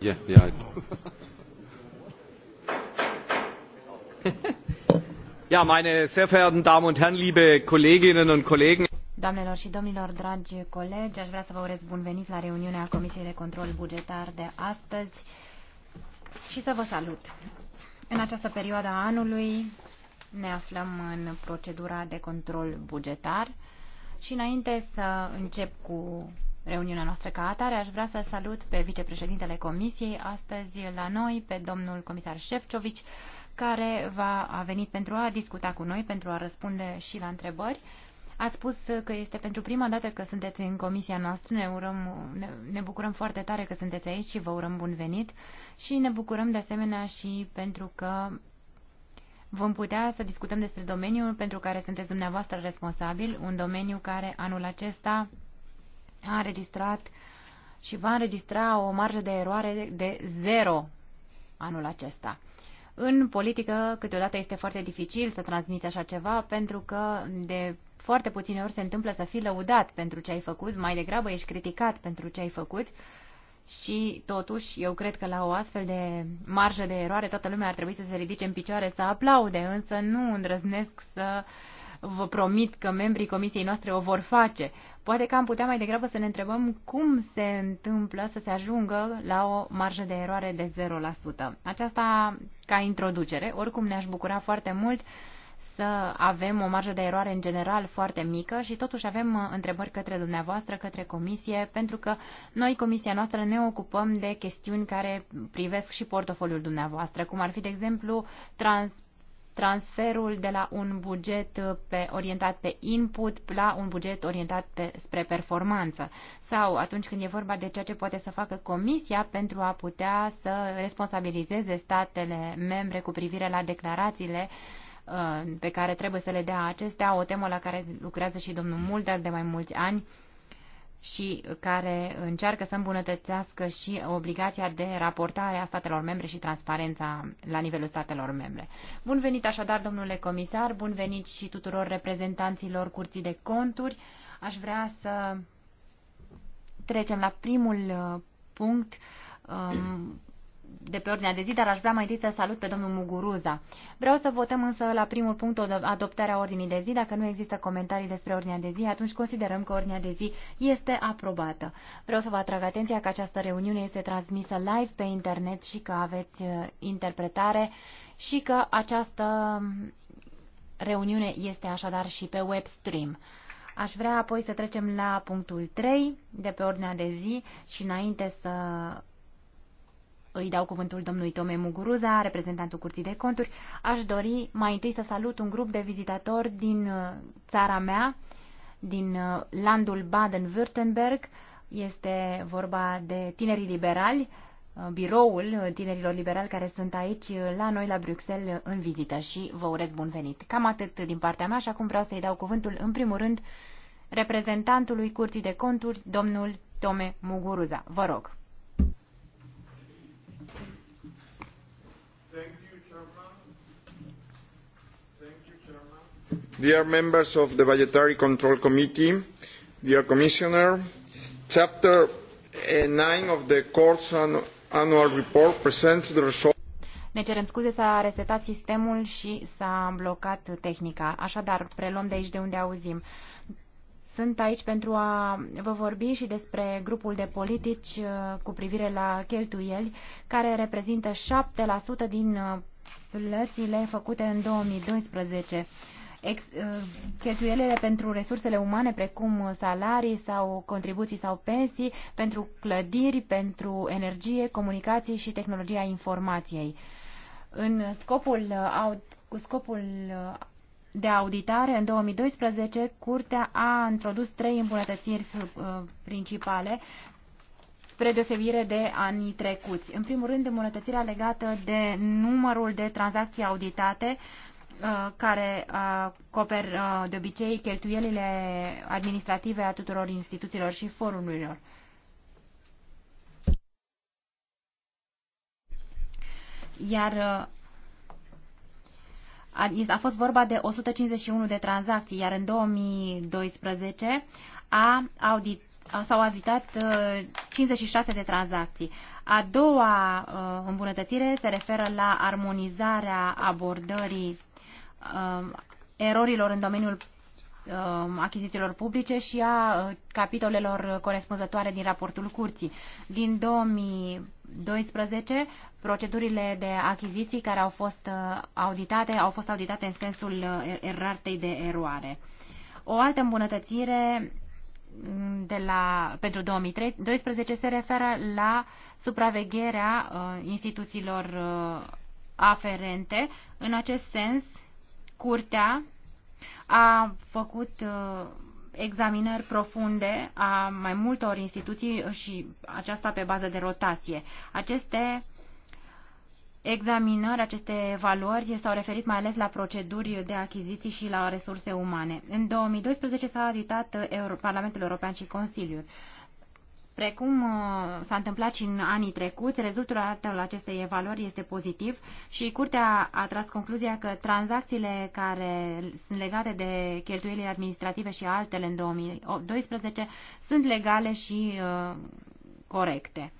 Yeah, yeah. ja, meine sehr verehrten Damen und Herren, liebe Kolleginnen und Kollegen. Doamnelor și domnilor, dragi colegi, aș vrea să vă urez bun venit la reuniunea Comisiei de Control Bugetar de astăzi și să vă salut. În această perioadă a anului ne aflăm în procedura de control bugetar și înainte să încep cu reuniunea noastră ca atare, aș vrea să salut pe vicepreședintele Comisiei astăzi la noi, pe domnul comisar Șefcovici, care va a venit pentru a discuta cu noi, pentru a răspunde și la întrebări. A spus că este pentru prima dată că sunteți în comisia noastră, ne, urăm, ne, ne bucurăm foarte tare că sunteți aici și vă urăm bun venit și ne bucurăm de asemenea și pentru că vom putea să discutăm despre domeniul pentru care sunteți dumneavoastră responsabil, un domeniu care anul acesta a înregistrat și va înregistra o marjă de eroare de zero anul acesta. În politică, câteodată este foarte dificil să transmiți așa ceva, pentru că de foarte puține ori se întâmplă să fii lăudat pentru ce ai făcut, mai degrabă ești criticat pentru ce ai făcut, și totuși eu cred că la o astfel de marjă de eroare toată lumea ar trebui să se ridice în picioare să aplaude, însă nu îndrăznesc să vă promit că membrii comisiei noastre o vor face. Poate că am putea mai degrabă să ne întrebăm cum se întâmplă să se ajungă la o marjă de eroare de 0%. Aceasta ca introducere. Oricum ne-aș bucura foarte mult să avem o marjă de eroare în general foarte mică și totuși avem uh, întrebări către dumneavoastră, către comisie, pentru că noi, comisia noastră, ne ocupăm de chestiuni care privesc și portofoliul dumneavoastră, cum ar fi, de exemplu, trans transferul de la un buget uh, pe, orientat pe input la un buget orientat pe, spre performanță sau atunci când e vorba de ceea ce poate să facă Comisia pentru a putea să responsabilizeze statele membre cu privire la declarațiile uh, Uh, pe care trebuie să le dea acestea, o temă la care lucrează și domnul Mulder de mai mulți ani și care încearcă să îmbunătățească și obligația de raportare a statelor membre și transparența la nivelul statelor membre. Bun venit așadar, domnule comisar, bun venit și tuturor reprezentanților Curții de Conturi. Aș vrea să trecem la primul uh, punct um, de pe ordinea de zi, dar aș vrea mai întâi să salut pe domnul Muguruza. Vreau să votăm însă la primul punct o adoptarea ordinii de zi. Dacă nu există comentarii despre ordinea de zi, atunci considerăm că ordinea de zi este aprobată. Vreau să vă atrag atenția că această reuniune este transmisă live pe internet și că aveți uh, interpretare și că această reuniune este așadar și pe web stream. Aș vrea apoi să trecem la punctul 3 de pe ordinea de zi și înainte să îi dau cuvântul domnului Tome Muguruza, reprezentantul Curții de Conturi, aș dori mai întâi să salut un grup de vizitatori din uh, țara mea, din uh, landul Baden-Württemberg. Este vorba de tinerii liberali, uh, biroul tinerilor liberali care sunt aici la noi la Bruxelles în vizită și vă urez bun venit. Cam atât din partea mea și acum vreau să-i dau cuvântul în primul rând reprezentantului Curții de Conturi, domnul Tome Muguruza. Vă rog. dear members of the budgetary control committee dear commissioner chapter nine of the court's annual report presents the results ne cerem scuze, s-a resetat sistemul și s-a blocat tehnica. Așadar, preluăm de aici de unde auzim. Sunt aici pentru a vă vorbi și despre grupul de politici uh, cu privire la cheltuieli, care reprezintă 7% din uh, plățile făcute în 2012 ex, uh, cheltuielile pentru resursele umane, precum salarii sau contribuții sau pensii, pentru clădiri, pentru energie, comunicații și tehnologia informației. În scopul, uh, cu scopul uh, de auditare, în 2012, Curtea a introdus trei îmbunătățiri principale spre deosebire de anii trecuți. În primul rând, îmbunătățirea legată de numărul de tranzacții auditate Uh, care acoper uh, de obicei cheltuielile administrative a tuturor instituțiilor și forumurilor. Iar uh, a fost vorba de 151 de tranzacții, iar în 2012 a audit s-au azitat 56 de tranzacții. A doua îmbunătățire se referă la armonizarea abordării Um, erorilor în domeniul um, achizițiilor publice și a uh, capitolelor corespunzătoare din raportul curții. Din 2012, procedurile de achiziții care au fost uh, auditate au fost auditate în sensul uh, erartei de eroare. O altă îmbunătățire mm, de la, pentru 2012 se referă la supravegherea instituțiilor aferente. În acest sens, Curtea a făcut uh, examinări profunde a mai multor instituții și aceasta pe bază de rotație. Aceste examinări, aceste valori s-au referit mai ales la proceduri de achiziții și la resurse umane. În 2012 s-a auditat Parlamentul European și Consiliul. Precum uh, s-a întâmplat și în anii trecuți, rezultatul acestei evaluări este pozitiv și Curtea a tras concluzia că tranzacțiile care sunt legate de cheltuielile administrative și altele în 2012 sunt legale și uh, corecte.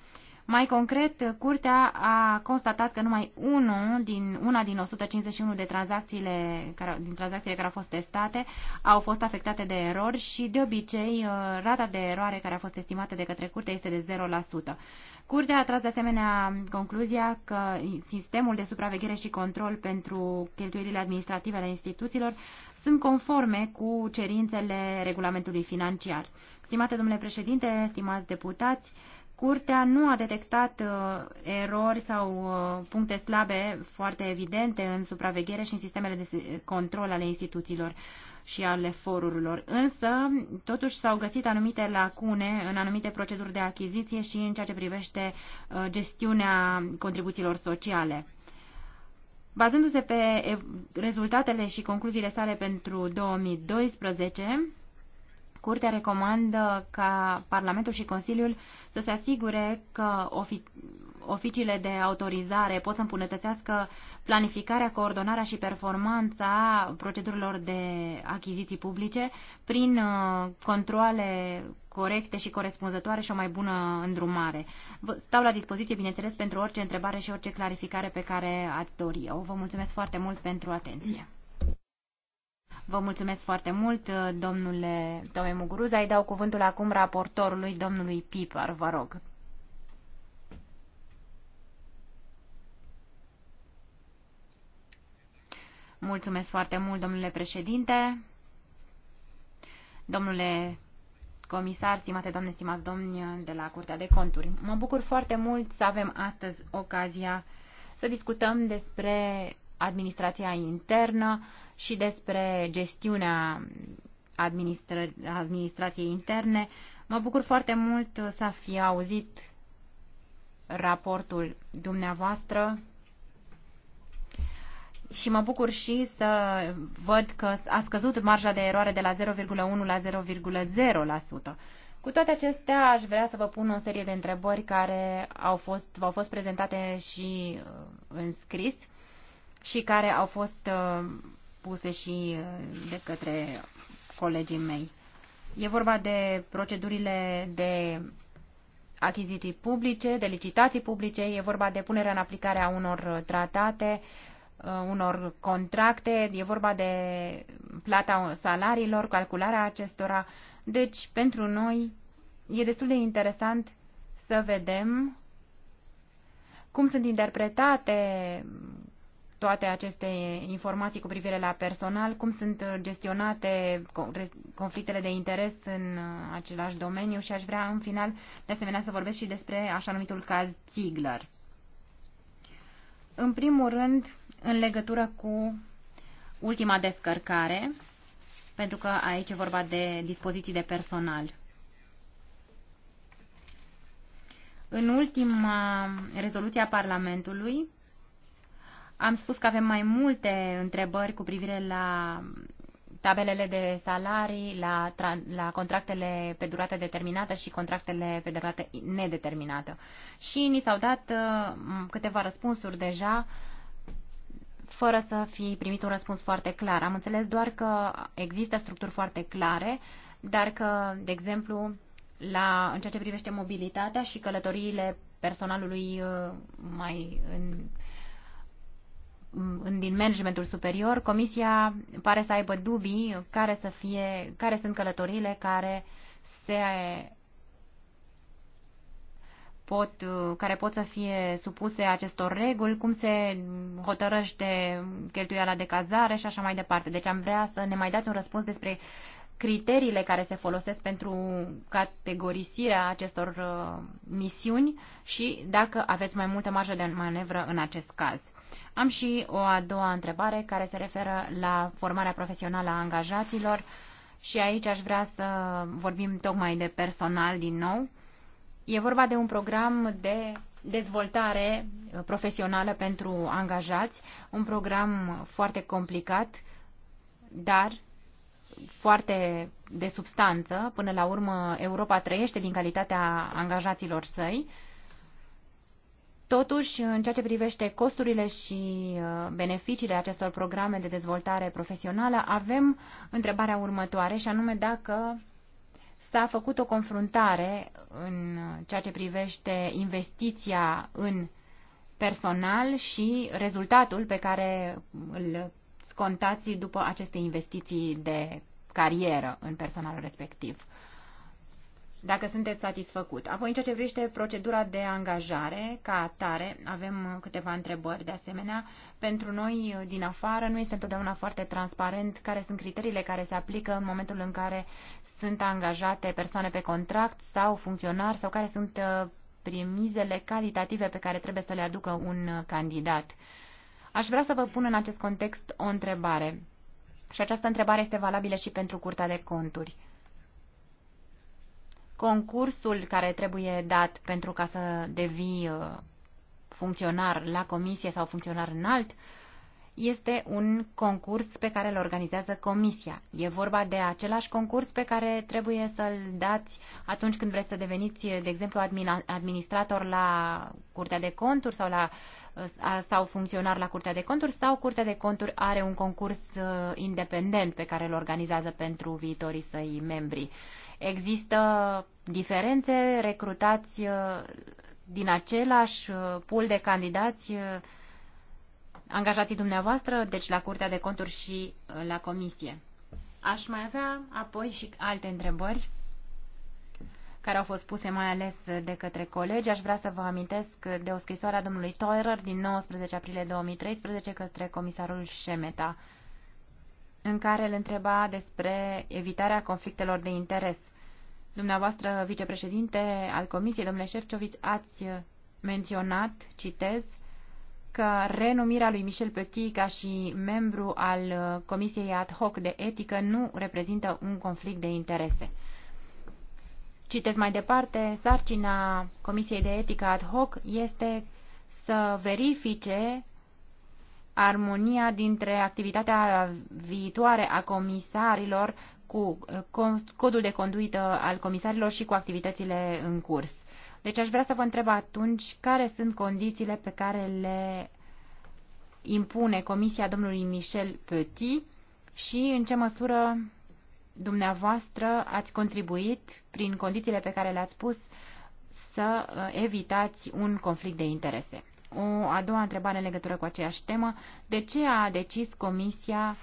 Mai concret, Curtea a constatat că numai unul din, una din 151 de tranzacțiile care, din tranzacțiile care au fost testate au fost afectate de erori și, de obicei, uh, rata de eroare care a fost estimată de către Curte este de 0%. Curtea a tras de asemenea concluzia că sistemul de supraveghere și control pentru cheltuielile administrative ale instituțiilor sunt conforme cu cerințele regulamentului financiar. Stimate domnule președinte, stimați deputați, Curtea nu a detectat uh, erori sau uh, puncte slabe foarte evidente în supraveghere și în sistemele de control ale instituțiilor și ale forurilor. Însă, totuși s-au găsit anumite lacune în anumite proceduri de achiziție și în ceea ce privește uh, gestiunea contribuțiilor sociale. Bazându-se pe rezultatele și concluziile sale pentru 2012, Curtea recomandă ca Parlamentul și Consiliul să se asigure că ofi- oficiile de autorizare pot să îmbunătățească planificarea, coordonarea și performanța procedurilor de achiziții publice prin uh, controle corecte și corespunzătoare și o mai bună îndrumare. stau la dispoziție, bineînțeles, pentru orice întrebare și orice clarificare pe care ați dori eu. Vă mulțumesc foarte mult pentru atenție. Vă mulțumesc foarte mult, uh, domnule Tome Muguruza. Îi dau cuvântul acum raportorului, domnului Piper, vă rog. Mulțumesc foarte mult, domnule președinte, domnule comisar, stimate doamne, stimați domni de la Curtea de Conturi. Mă bucur foarte mult să avem astăzi ocazia să discutăm despre administrația internă și despre gestiunea administra- administrației interne. Mă bucur foarte mult să fi auzit raportul dumneavoastră și mă bucur și să văd că a scăzut marja de eroare de la 0,1 la 0,0%. Cu toate acestea, aș vrea să vă pun o serie de întrebări care au fost, au fost prezentate și uh, în scris și care au fost uh, spuse și uh, de către colegii mei. E vorba de procedurile de achiziții publice, de licitații publice, e vorba de punerea în aplicare a unor tratate, uh, unor contracte, e vorba de plata salariilor, calcularea acestora. Deci, pentru noi, e destul de interesant să vedem cum sunt interpretate toate aceste informații cu privire la personal, cum sunt gestionate conflictele de interes în uh, același domeniu și aș vrea în final de asemenea să vorbesc și despre așa numitul caz Ziegler. În primul rând, în legătură cu ultima descărcare, pentru că aici e vorba de dispoziții de personal. În ultima rezoluție a Parlamentului, am spus că avem mai multe întrebări cu privire la tabelele de salarii, la, la contractele pe durată determinată și contractele pe durată nedeterminată. Și ni s-au dat uh, câteva răspunsuri deja fără să fi primit un răspuns foarte clar. Am înțeles doar că există structuri foarte clare, dar că, de exemplu, la, în ceea ce privește mobilitatea și călătoriile personalului uh, mai în din managementul superior, comisia pare să aibă dubii care, să fie, care sunt călătorile care se pot, care pot să fie supuse acestor reguli, cum se hotărăște cheltuiala de cazare și așa mai departe. Deci am vrea să ne mai dați un răspuns despre criteriile care se folosesc pentru categorisirea acestor uh, misiuni și dacă aveți mai multă marjă de manevră în acest caz. Am și o a doua întrebare care se referă la formarea profesională a angajaților și aici aș vrea să vorbim tocmai de personal din nou. E vorba de un program de dezvoltare profesională pentru angajați, un program foarte complicat, dar foarte de substanță. Până la urmă, Europa trăiește din calitatea angajaților săi Totuși, în ceea ce privește costurile și uh, beneficiile acestor programe de dezvoltare profesională, avem întrebarea următoare și anume dacă s-a făcut o confruntare în ceea ce privește investiția în personal și rezultatul pe care îl scontați după aceste investiții de carieră în personalul respectiv dacă sunteți satisfăcut. Apoi, în ceea ce privește procedura de angajare, ca atare, avem câteva întrebări de asemenea. Pentru noi, din afară, nu este întotdeauna foarte transparent care sunt criteriile care se aplică în momentul în care sunt angajate persoane pe contract sau funcționari sau care sunt uh, premizele calitative pe care trebuie să le aducă un candidat. Aș vrea să vă pun în acest context o întrebare. Și această întrebare este valabilă și pentru Curtea de Conturi concursul care trebuie dat pentru ca să devii uh, funcționar la comisie sau funcționar înalt este un concurs pe care îl organizează comisia. E vorba de același concurs pe care trebuie să-l dați atunci când vreți să deveniți, de exemplu, administrator la Curtea de Conturi sau, la, uh, sau funcționar la Curtea de Conturi sau Curtea de Conturi are un concurs uh, independent pe care îl organizează pentru viitorii săi membri. Există diferențe, recrutați uh, din același uh, pool de candidați uh, angajații dumneavoastră, deci la Curtea de Conturi și la Comisie. Aș mai avea apoi și alte întrebări care au fost puse mai ales de către colegi. Aș vrea să vă amintesc de o scrisoare a domnului Teurer din 19 aprilie 2013 către comisarul Șemeta, în care îl întreba despre evitarea conflictelor de interes. Dumneavoastră, vicepreședinte al Comisiei, domnule Șefcovici, ați menționat, citez, că renumirea lui Michel Petit ca și membru al Comisiei ad hoc de etică nu reprezintă un conflict de interese. Citez mai departe, sarcina Comisiei de etică ad hoc este să verifice armonia dintre activitatea viitoare a comisarilor cu uh, codul de conduită al comisarilor și cu activitățile în curs. Deci aș vrea să vă întreb atunci care sunt condițiile pe care le impune Comisia domnului Michel Petit și în ce măsură dumneavoastră ați contribuit prin condițiile pe care le-ați pus să uh, evitați un conflict de interese. O a doua întrebare în legătură cu aceeași temă. De ce a decis Comisia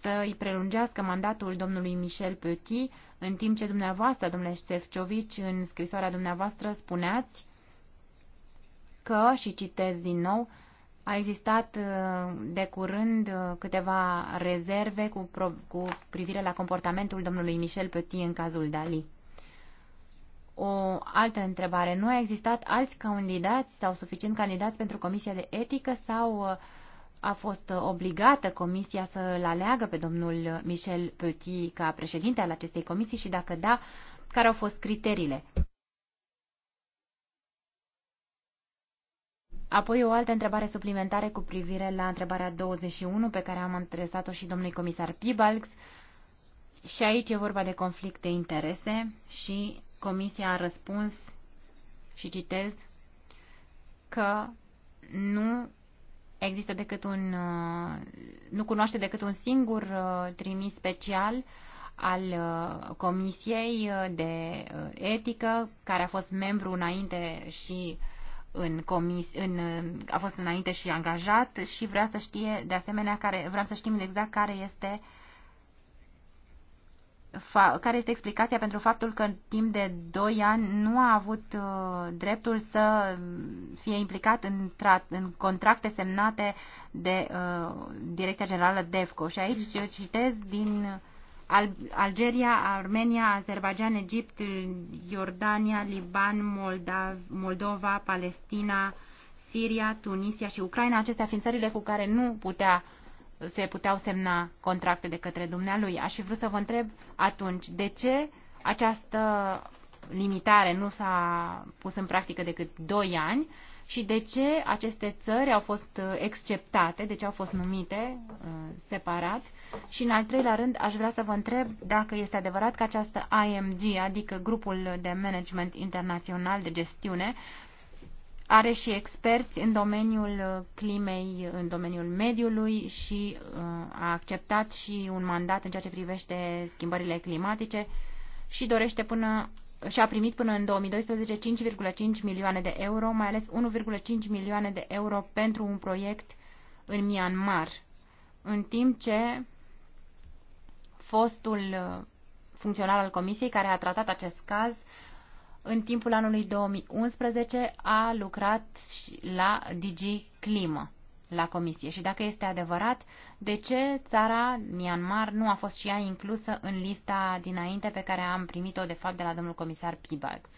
să îi prelungească mandatul domnului Michel Petit, în timp ce dumneavoastră, domnule Șefciovici, în scrisoarea dumneavoastră spuneați că, și citez din nou, a existat uh, de curând uh, câteva rezerve cu, cu privire la comportamentul domnului Michel Petit în cazul Dali. O altă întrebare. Nu a existat alți candidați sau suficient candidați pentru Comisia de Etică sau uh, a fost uh, obligată comisia să îl aleagă pe domnul Michel Petit ca președinte al acestei comisii și dacă da, care au fost criteriile? Apoi o altă întrebare suplimentare cu privire la întrebarea 21 pe care am adresat-o și domnului comisar Pibalx. Și aici e vorba de conflict de interese și comisia a răspuns și citez că nu există decât un, uh, nu cunoaște decât un singur uh, trimis special al uh, Comisiei de Etică, care a fost membru înainte și în comis, în, a fost înainte și angajat și vrea să știe de asemenea care, vreau să știm exact care este uh, care este explicația pentru faptul că timp de 2 ani nu a avut uh, dreptul să fie implicat în, în contracte semnate de uh, Direcția Generală DEFCO. Și aici eu citez din Al Algeria, Armenia, Azerbaijan, Egipt, Iordania, Liban, Moldav, Moldova, Palestina, Siria, Tunisia și Ucraina, acestea fiind țările cu care nu putea uh, se puteau semna contracte de către dumnealui. Aș fi vrut să vă întreb atunci de ce această limitare nu s-a pus în practică decât 2 ani și de ce aceste țări au fost exceptate, de ce au fost numite uh, separat. Și în al treilea rând aș vrea să vă întreb dacă este adevărat că această IMG, adică grupul de management internațional de gestiune, are și experți în domeniul uh, climei, în domeniul mediului și uh, a acceptat și un mandat în ceea ce privește schimbările climatice și dorește până și a primit până în 2012 5,5 milioane de euro, mai ales 1,5 milioane de euro pentru un proiect în Myanmar, în timp ce fostul uh, funcționar al comisiei care a tratat acest caz în timpul anului 2011 a lucrat la DG Climă, la comisie. Și dacă este adevărat, de ce țara Myanmar nu a fost și ea inclusă în lista dinainte pe care am primit-o, de fapt, de la domnul comisar Pibags?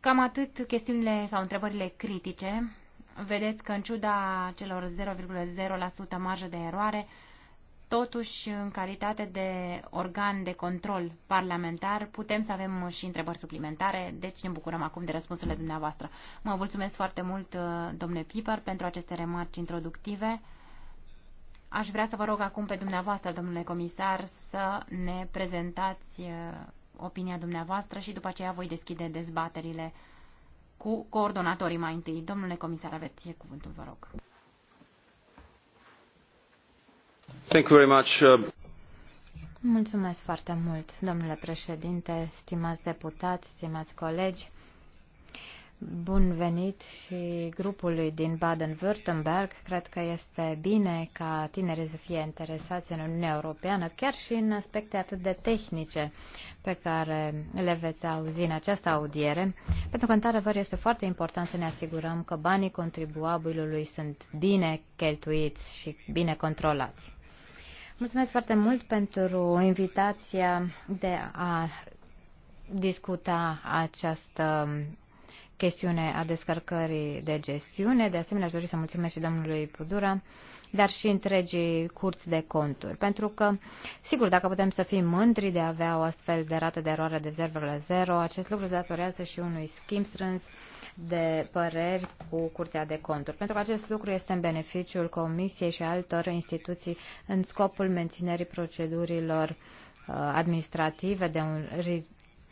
Cam atât chestiunile sau întrebările critice. Vedeți că în ciuda celor 0,0% marjă de eroare, Totuși, în calitate de organ de control parlamentar, putem să avem și întrebări suplimentare, deci ne bucurăm acum de răspunsurile dumneavoastră. Mă mulțumesc foarte mult, uh, domnule Piper, pentru aceste remarci introductive. Aș vrea să vă rog acum pe dumneavoastră, domnule comisar, să ne prezentați uh, opinia dumneavoastră și după aceea voi deschide dezbaterile cu coordonatorii mai întâi. Domnule comisar, aveți cuvântul, vă rog. Uh, Mulțumesc foarte mult, domnule președinte, stimați deputați, stimați colegi. Bun venit și grupului din Baden-Württemberg. Cred că este bine ca tinerii să fie interesați în Uniunea Europeană, chiar și în aspecte atât de tehnice pe care le veți auzi în această audiere, pentru că, într-adevăr, este foarte important să ne asigurăm că banii contribuabilului sunt bine cheltuiți și bine controlați. Mulțumesc foarte mult pentru invitația de a discuta această chestiune a descărcării de gestiune. De asemenea, aș dori să mulțumesc și domnului Pudura, dar și întregii curți de conturi. Pentru că, sigur, dacă putem să fim mândri de a avea o astfel de rată de eroare de la 0, acest lucru datorează și unui schimb strâns de păreri cu Curtea de Conturi, pentru că acest lucru este în beneficiul Comisiei și altor instituții în scopul menținerii procedurilor uh, administrative de un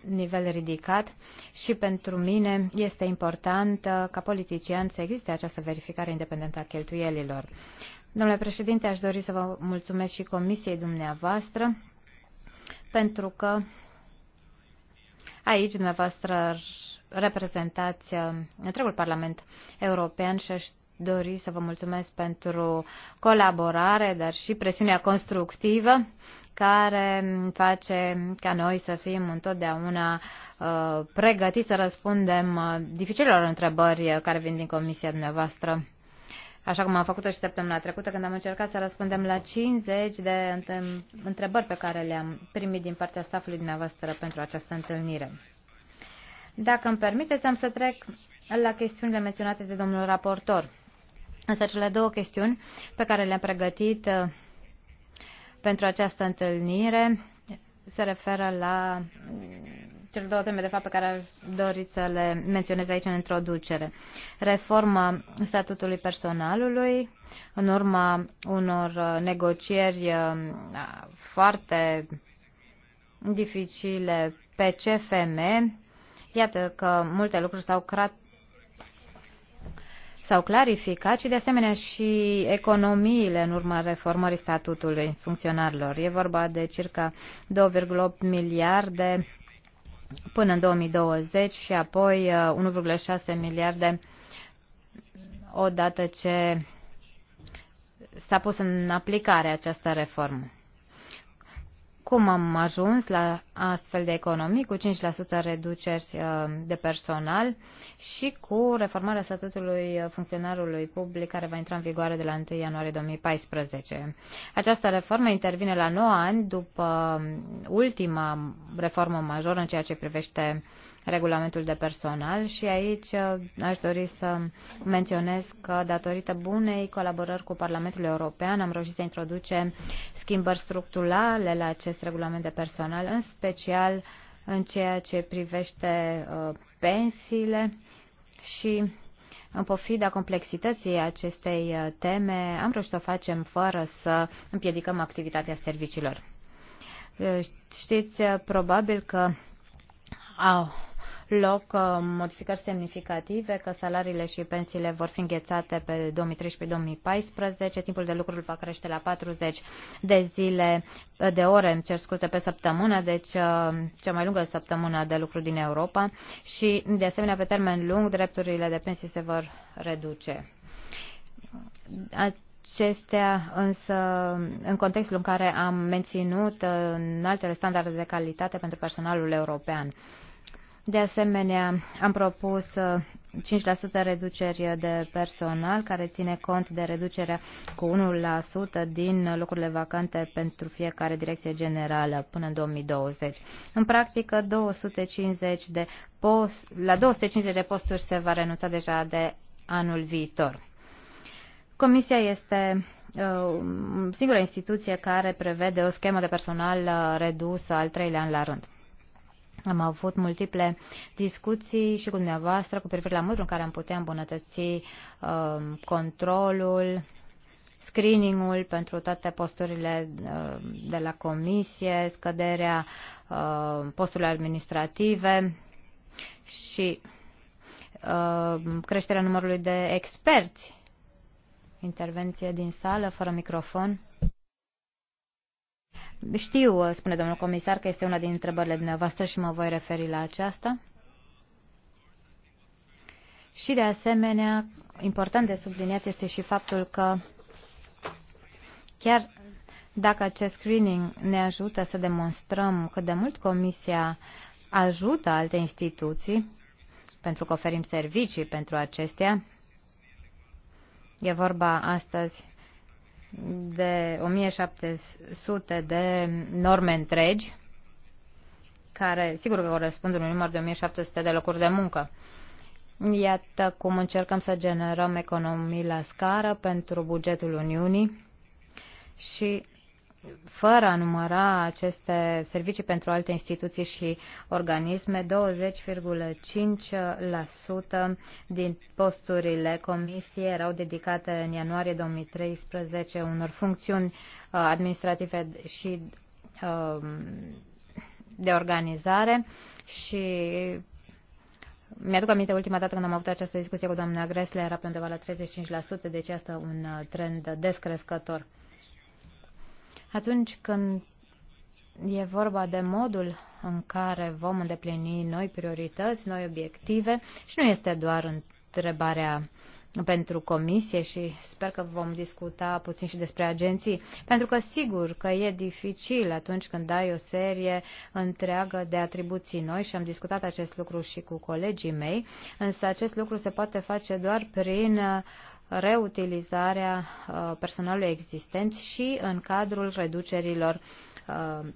nivel ridicat și pentru mine este important ca politician să existe această verificare independentă a cheltuielilor. Domnule președinte, aș dori să vă mulțumesc și comisiei dumneavoastră pentru că aici dumneavoastră reprezentați uh, întregul Parlament European și aș dori să vă mulțumesc pentru colaborare, dar și presiunea constructivă care face ca noi să fim întotdeauna uh, pregătiți să răspundem uh, dificilor întrebări care vin din comisia dumneavoastră. Așa cum am făcut-o și săptămâna trecută când am încercat să răspundem la 50 de întrebări pe care le-am primit din partea staffului dumneavoastră pentru această întâlnire. Dacă îmi permiteți, am să trec la chestiunile menționate de domnul raportor. Însă cele două chestiuni pe care le-am pregătit uh, pentru această întâlnire se referă la uh, cele două teme, de fapt, pe care doriți să le menționez aici în introducere. Reforma statutului personalului, în urma unor uh, negocieri foarte dificile pe CFM, Iată că multe lucruri s-au creat s-au clarificat și de asemenea și economiile în urma reformării statutului funcționarilor. E vorba de circa 2,8 miliarde până în 2020 și apoi 1,6 uh, miliarde odată ce s-a pus în aplicare această reformă. Cum am ajuns la astfel de economii cu 5% reduceri uh, de personal și cu reformarea statutului funcționarului public care va intra în vigoare de la 1 ianuarie 2014. Această reformă intervine la 9 ani după ultima reformă majoră în ceea ce privește regulamentul de personal și aici uh, aș dori să menționez că datorită bunei colaborări cu Parlamentul European am reușit să introducem schimbări structurale la acest regulament de personal, în special în ceea ce privește uh, pensiile și în pofida complexității acestei uh, teme, am reușit să o facem fără să împiedicăm activitatea serviciilor. Știți probabil că au loc uh, modificări semnificative, că salariile și pensiile vor fi înghețate pe 2013-2014, timpul de lucru va crește la 40 de zile, uh, de ore, îmi cer scuze, pe săptămână, deci uh, cea mai lungă săptămână de lucru din Europa și, de asemenea, pe termen lung, drepturile de pensii se vor reduce. Acestea însă, în contextul în care am menținut în altele standarde de calitate pentru personalul european. De asemenea, am propus 5% uh, reduceri de personal, care ține cont de reducerea cu 1% din locurile vacante pentru fiecare direcție generală până în 2020. În practică, 250 de post, la 250 de posturi se va renunța deja de anul viitor. Comisia este uh, singura instituție care prevede o schemă de personal uh, redusă al treilea an la rând. Am avut multiple discuții și cu dumneavoastră cu privire la modul în care am putea îmbunătăți uh, controlul, screeningul pentru toate posturile uh, de la comisie, scăderea uh, posturilor administrative și creșterea numărului de experți. Intervenție din sală, fără microfon. Știu, spune domnul comisar, că este una din întrebările dumneavoastră și mă voi referi la aceasta. Și de asemenea, important de subliniat este și faptul că chiar dacă acest screening ne ajută să demonstrăm cât de mult Comisia ajută alte instituții, pentru că oferim servicii pentru acestea, e vorba astăzi de 1700 de norme întregi, care sigur că corespund unui număr de 1700 de locuri de muncă. Iată cum încercăm să generăm economii la scară pentru bugetul Uniunii și fără a număra aceste servicii pentru alte instituții și organisme, 20,5% din posturile comisiei erau dedicate în ianuarie 2013 unor funcțiuni uh, administrative și um, de organizare și mi-aduc aminte ultima dată când am avut această discuție cu doamna Gresle era pe undeva la 35%, deci asta un uh, trend descrescător. Atunci când e vorba de modul în care vom îndeplini noi priorități, noi obiective și nu este doar întrebarea pentru comisie și sper că vom discuta puțin și despre agenții, pentru că sigur că e dificil atunci când ai o serie întreagă de atribuții noi și am discutat acest lucru și cu colegii mei, însă acest lucru se poate face doar prin reutilizarea uh, personalului existent și în cadrul reducerilor uh,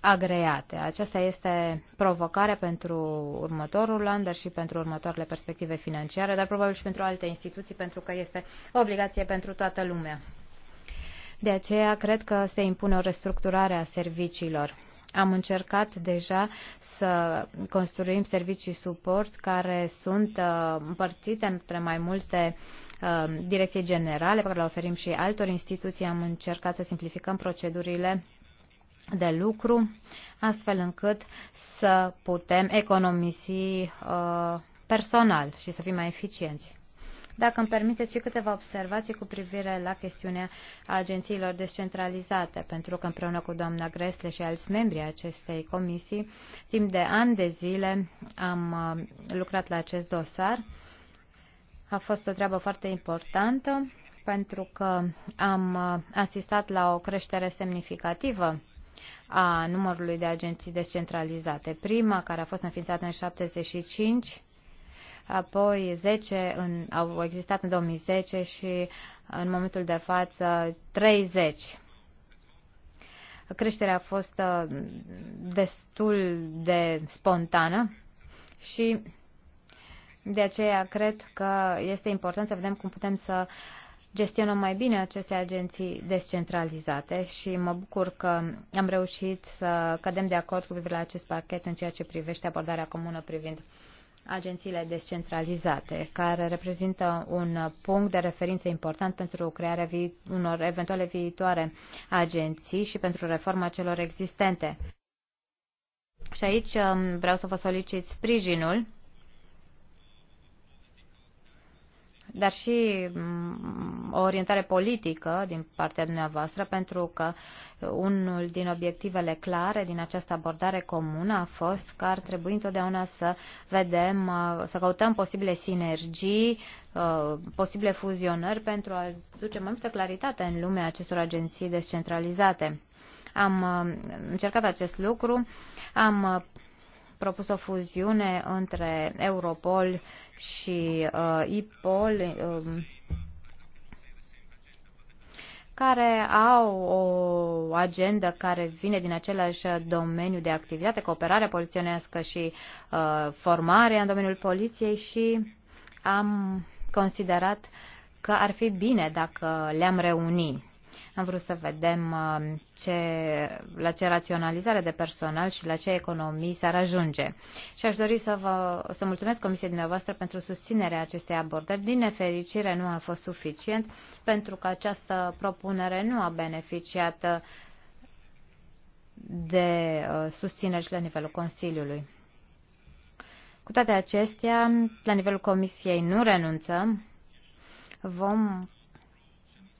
agreate. Aceasta este provocarea pentru următorul an, dar și pentru următoarele perspective financiare, dar probabil și pentru alte instituții, pentru că este obligație pentru toată lumea. De aceea, cred că se impune o restructurare a serviciilor. Am încercat deja să construim servicii suport care sunt uh, împărțite între mai multe Um, direcției generale pe care le oferim și altor instituții. Am încercat să simplificăm procedurile de lucru, astfel încât să putem economisi uh, personal și să fim mai eficienți. Dacă îmi permiteți și câteva observații cu privire la chestiunea agențiilor descentralizate, pentru că împreună cu doamna Gresle și alți membri acestei comisii, timp de ani de zile am uh, lucrat la acest dosar a fost o treabă foarte importantă pentru că am asistat la o creștere semnificativă a numărului de agenții descentralizate. Prima, care a fost înființată în 75, apoi 10 în, au existat în 2010 și în momentul de față 30. Creșterea a fost uh, destul de spontană și de aceea cred că este important să vedem cum putem să gestionăm mai bine aceste agenții descentralizate și mă bucur că am reușit să cădem de acord cu privire la acest pachet în ceea ce privește abordarea comună privind agențiile descentralizate, care reprezintă un punct de referință important pentru crearea vi- unor eventuale viitoare agenții și pentru reforma celor existente. Și aici um, vreau să vă solicit sprijinul dar și mm, o orientare politică din partea dumneavoastră, pentru că unul din obiectivele clare din această abordare comună a fost că ar trebui întotdeauna să vedem, uh, să căutăm posibile sinergii, uh, posibile fuzionări pentru a duce mai multă claritate în lumea acestor agenții descentralizate. Am uh, încercat acest lucru, am propus o fuziune între Europol și uh, IPOL, um, care au o agendă care vine din același domeniu de activitate, cooperarea poliționească și uh, formarea în domeniul poliției și am considerat că ar fi bine dacă le-am reuni am vrut să vedem uh, ce, la ce raționalizare de personal și la ce economii s-ar ajunge. Și aș dori să, vă, să mulțumesc Comisiei dumneavoastră pentru susținerea acestei abordări. Din nefericire nu a fost suficient pentru că această propunere nu a beneficiat uh, de uh, susținere și la nivelul Consiliului. Cu toate acestea, la nivelul Comisiei nu renunțăm. Vom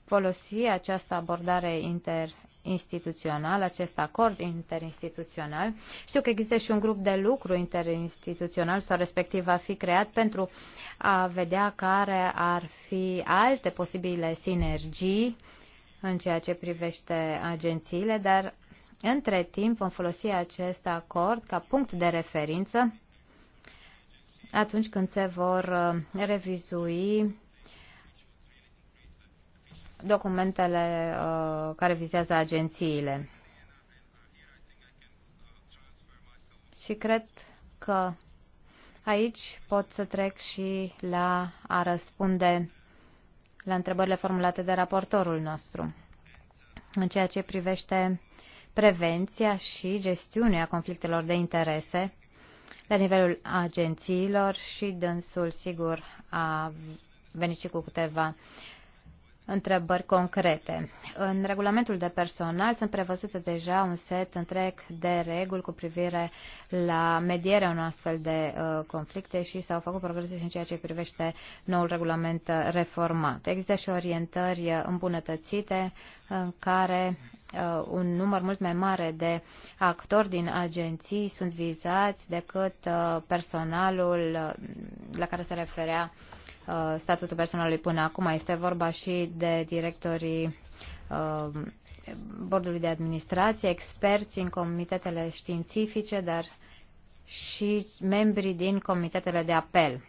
folosi această abordare inter instituțional, acest acord interinstituțional. Știu că există și un grup de lucru interinstituțional sau respectiv va fi creat pentru a vedea care ar fi alte posibile sinergii în ceea ce privește agențiile, dar între timp vom folosi acest acord ca punct de referință atunci când se vor revizui documentele uh, care vizează agențiile. Și cred că aici pot să trec și la a răspunde la întrebările formulate de raportorul nostru. În ceea ce privește prevenția și gestiunea conflictelor de interese la nivelul agențiilor și dânsul, sigur, a venit și cu câteva întrebări concrete. În regulamentul de personal sunt prevăzute deja un set întreg de reguli cu privire la medierea unor astfel de uh, conflicte și s-au făcut progrese și în ceea ce privește noul regulament uh, reformat. Există și orientări uh, îmbunătățite în care uh, un număr mult mai mare de actori din agenții sunt vizați decât uh, personalul uh, la care se referea uh, Uh, statutul personalului până acum. Este vorba și de directorii uh, bordului de administrație, experți în comitetele științifice, dar și membrii din comitetele de apel.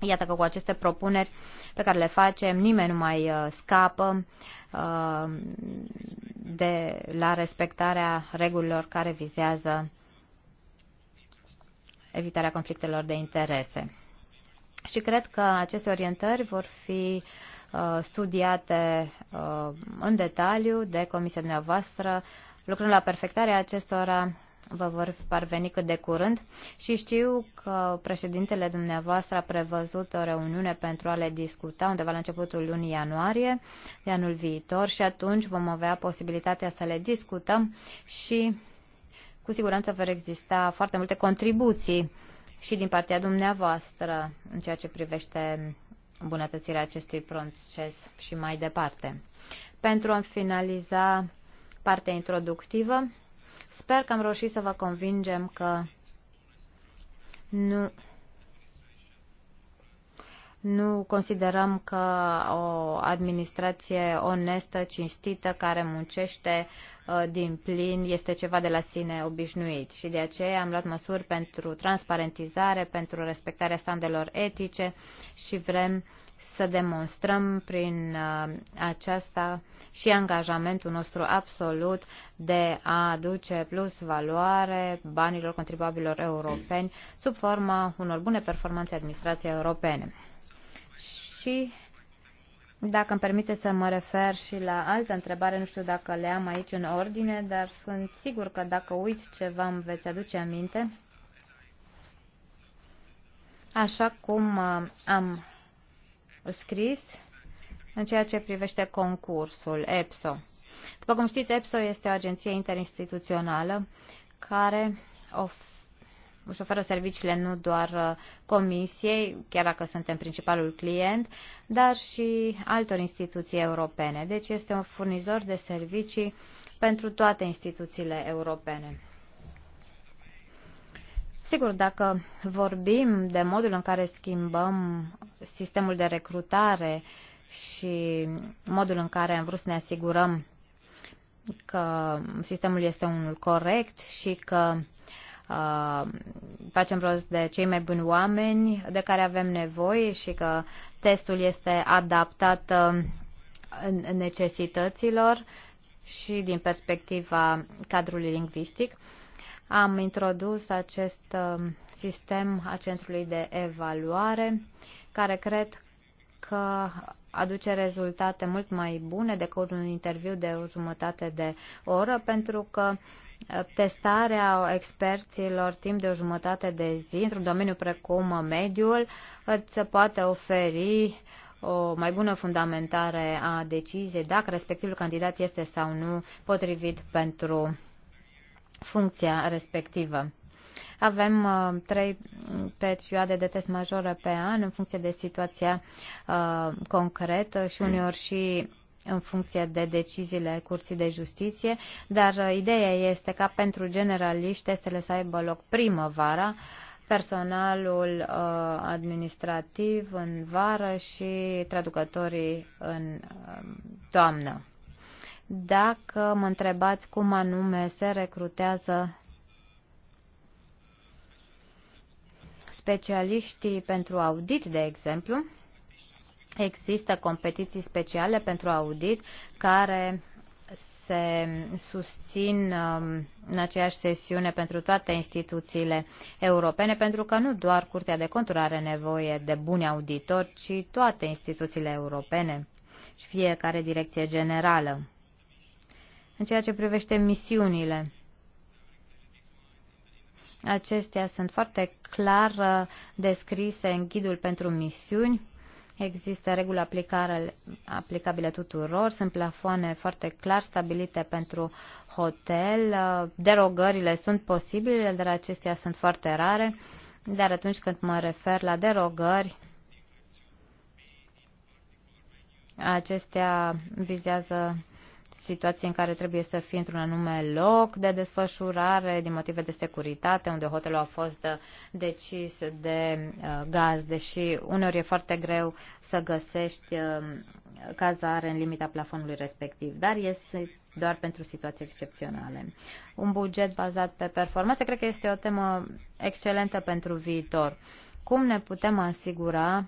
Iată că cu aceste propuneri pe care le facem, nimeni nu mai uh, scapă de la respectarea regulilor care vizează evitarea conflictelor de interese. Și cred că aceste orientări vor fi uh, studiate uh, în detaliu de comisia dumneavoastră, lucrând la perfectarea acestora vă vor parveni cât de curând și știu că președintele dumneavoastră a prevăzut o reuniune pentru a le discuta undeva la începutul lunii ianuarie de anul viitor și atunci vom avea posibilitatea să le discutăm și cu siguranță vor exista foarte multe contribuții și din partea dumneavoastră în ceea ce privește îmbunătățirea acestui proces și mai departe. Pentru a finaliza partea introductivă, sper că am reușit să vă convingem că nu nu considerăm că o administrație onestă, cinstită, care muncește uh, din plin, este ceva de la sine obișnuit și de aceea am luat măsuri pentru transparentizare, pentru respectarea standelor etice și vrem să demonstrăm prin uh, aceasta și angajamentul nostru absolut de a aduce plus valoare banilor contribuabilor europeni sub forma unor bune performanțe administrației europene. Și dacă îmi permite să mă refer și la altă întrebare, nu știu dacă le am aici în ordine, dar sunt sigur că dacă uiți ceva îmi veți aduce aminte. Așa cum uh, am scris în ceea ce privește concursul EPSO. După cum știți, EPSO este o agenție interinstituțională care oferă își oferă serviciile nu doar uh, Comisiei, chiar dacă suntem principalul client, dar și altor instituții europene. Deci este un furnizor de servicii pentru toate instituțiile europene. Sigur, dacă vorbim de modul în care schimbăm sistemul de recrutare și modul în care am vrut să ne asigurăm că sistemul este unul corect și că Uh, facem rost de cei mai buni oameni de care avem nevoie și că testul este adaptat uh, necesităților și din perspectiva cadrului lingvistic. Am introdus acest uh, sistem a centrului de evaluare, care cred că aduce rezultate mult mai bune decât un interviu de o jumătate de oră, pentru că testarea experților timp de o jumătate de zi într-un domeniu precum mediul îți poate oferi o mai bună fundamentare a deciziei dacă respectivul candidat este sau nu potrivit pentru funcția respectivă. Avem uh, trei perioade de test majore pe an în funcție de situația uh, concretă și uneori și în funcție de deciziile Curții de Justiție, dar uh, ideea este ca pentru generaliști testele să aibă loc primăvara, personalul uh, administrativ în vară și traducătorii în uh, toamnă. Dacă mă întrebați cum anume se recrutează specialiștii pentru audit, de exemplu, Există competiții speciale pentru audit care se susțin um, în aceeași sesiune pentru toate instituțiile europene, pentru că nu doar Curtea de Conturi are nevoie de buni auditori, ci toate instituțiile europene și fiecare direcție generală. În ceea ce privește misiunile, acestea sunt foarte clar uh, descrise în ghidul pentru misiuni, Există reguli aplicabile tuturor, sunt plafoane foarte clar stabilite pentru hotel, derogările sunt posibile, dar acestea sunt foarte rare, dar atunci când mă refer la derogări, acestea vizează situații în care trebuie să fii într-un anume loc de desfășurare din motive de securitate, unde hotelul a fost uh, decis de uh, gaz, deși uneori e foarte greu să găsești um, cazare în limita plafonului respectiv, dar este doar pentru situații excepționale. Un buget bazat pe performanță cred că este o temă excelentă pentru viitor. Cum ne putem asigura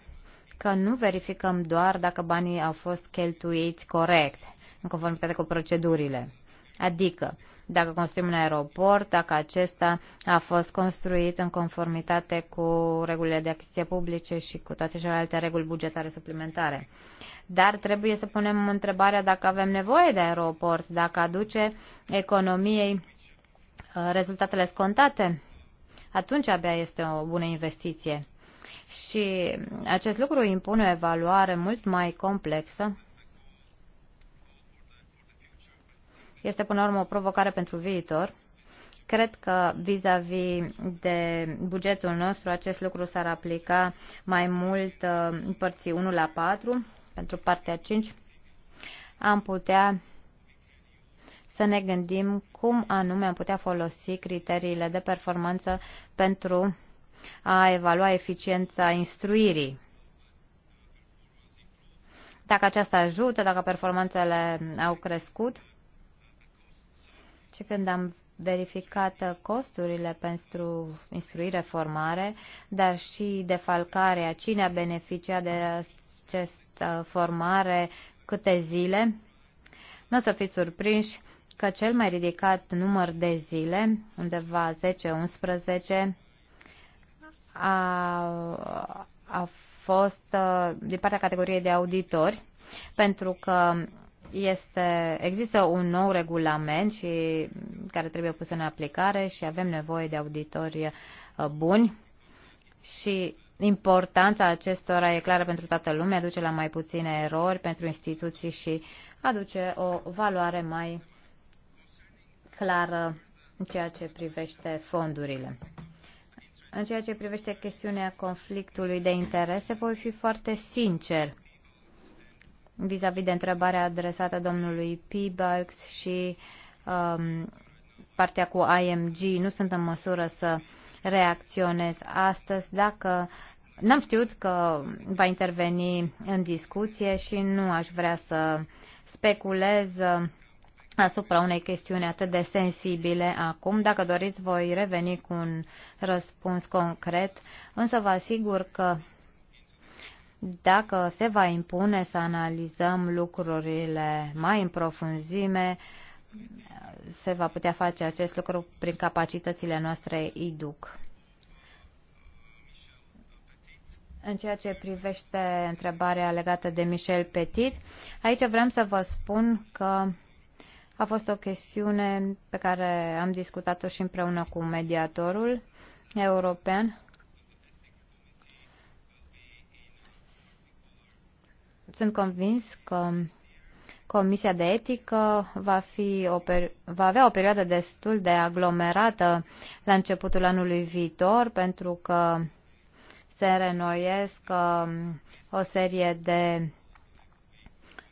că nu verificăm doar dacă banii au fost cheltuiți corect, în conformitate cu procedurile. Adică, dacă construim un aeroport, dacă acesta a fost construit în conformitate cu regulile de achiziție publice și cu toate celelalte reguli bugetare suplimentare. Dar trebuie să punem întrebarea dacă avem nevoie de aeroport, dacă aduce economiei uh, rezultatele scontate, atunci abia este o bună investiție. Și acest lucru impune o evaluare mult mai complexă este până la urmă o provocare pentru viitor. Cred că vis-a-vis -vis de bugetul nostru acest lucru s-ar aplica mai mult în uh, părții 1 la 4, pentru partea 5. Am putea să ne gândim cum anume am putea folosi criteriile de performanță pentru a evalua eficiența instruirii. Dacă aceasta ajută, dacă performanțele au crescut, și când am verificat uh, costurile pentru instruire, formare, dar și defalcarea, cine a beneficiat de această uh, formare, câte zile, nu o să fiți surprinși că cel mai ridicat număr de zile, undeva 10-11, a, a fost uh, din partea categoriei de auditori, pentru că este, există un nou regulament și care trebuie pus în aplicare și avem nevoie de auditori uh, buni și importanța acestora e clară pentru toată lumea, aduce la mai puține erori pentru instituții și aduce o valoare mai clară în ceea ce privește fondurile. În ceea ce privește chestiunea conflictului de interese, voi fi foarte sincer vis-a-vis -vis de întrebarea adresată domnului Pibalks și um, partea cu IMG, nu sunt în măsură să reacționez astăzi dacă n-am știut că va interveni în discuție și nu aș vrea să speculez uh, asupra unei chestiuni atât de sensibile acum. Dacă doriți, voi reveni cu un răspuns concret, însă vă asigur că dacă se va impune să analizăm lucrurile mai în profunzime, se va putea face acest lucru prin capacitățile noastre IDUC. În ceea ce privește întrebarea legată de Michel Petit, aici vreau să vă spun că a fost o chestiune pe care am discutat-o și împreună cu mediatorul european sunt convins că Comisia de Etică va, fi o va avea o perioadă destul de aglomerată la începutul anului viitor, pentru că se renoiesc um, o serie de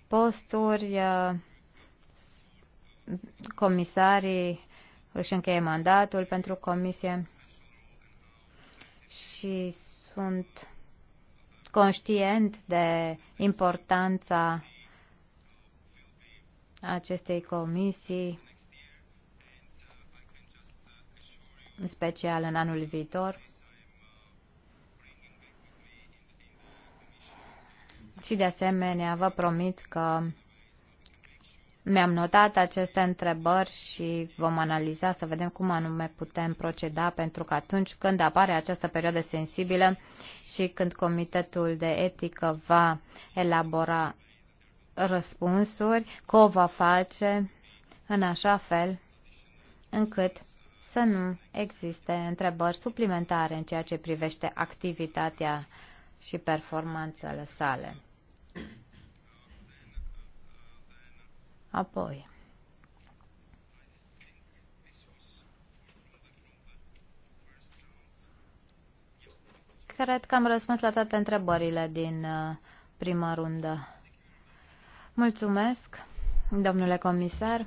posturi, uh, comisarii își încheie mandatul pentru comisie și sunt conștient de importanța acestei comisii, în special în anul viitor. Și de asemenea, vă promit că mi-am notat aceste întrebări și vom analiza să vedem cum anume putem proceda, pentru că atunci când apare această perioadă sensibilă, și când Comitetul de Etică va elabora răspunsuri, că o va face în așa fel încât să nu existe întrebări suplimentare în ceea ce privește activitatea și performanțele sale. Apoi, Cred că am răspuns la toate întrebările din uh, prima rundă. Mulțumesc, domnule comisar.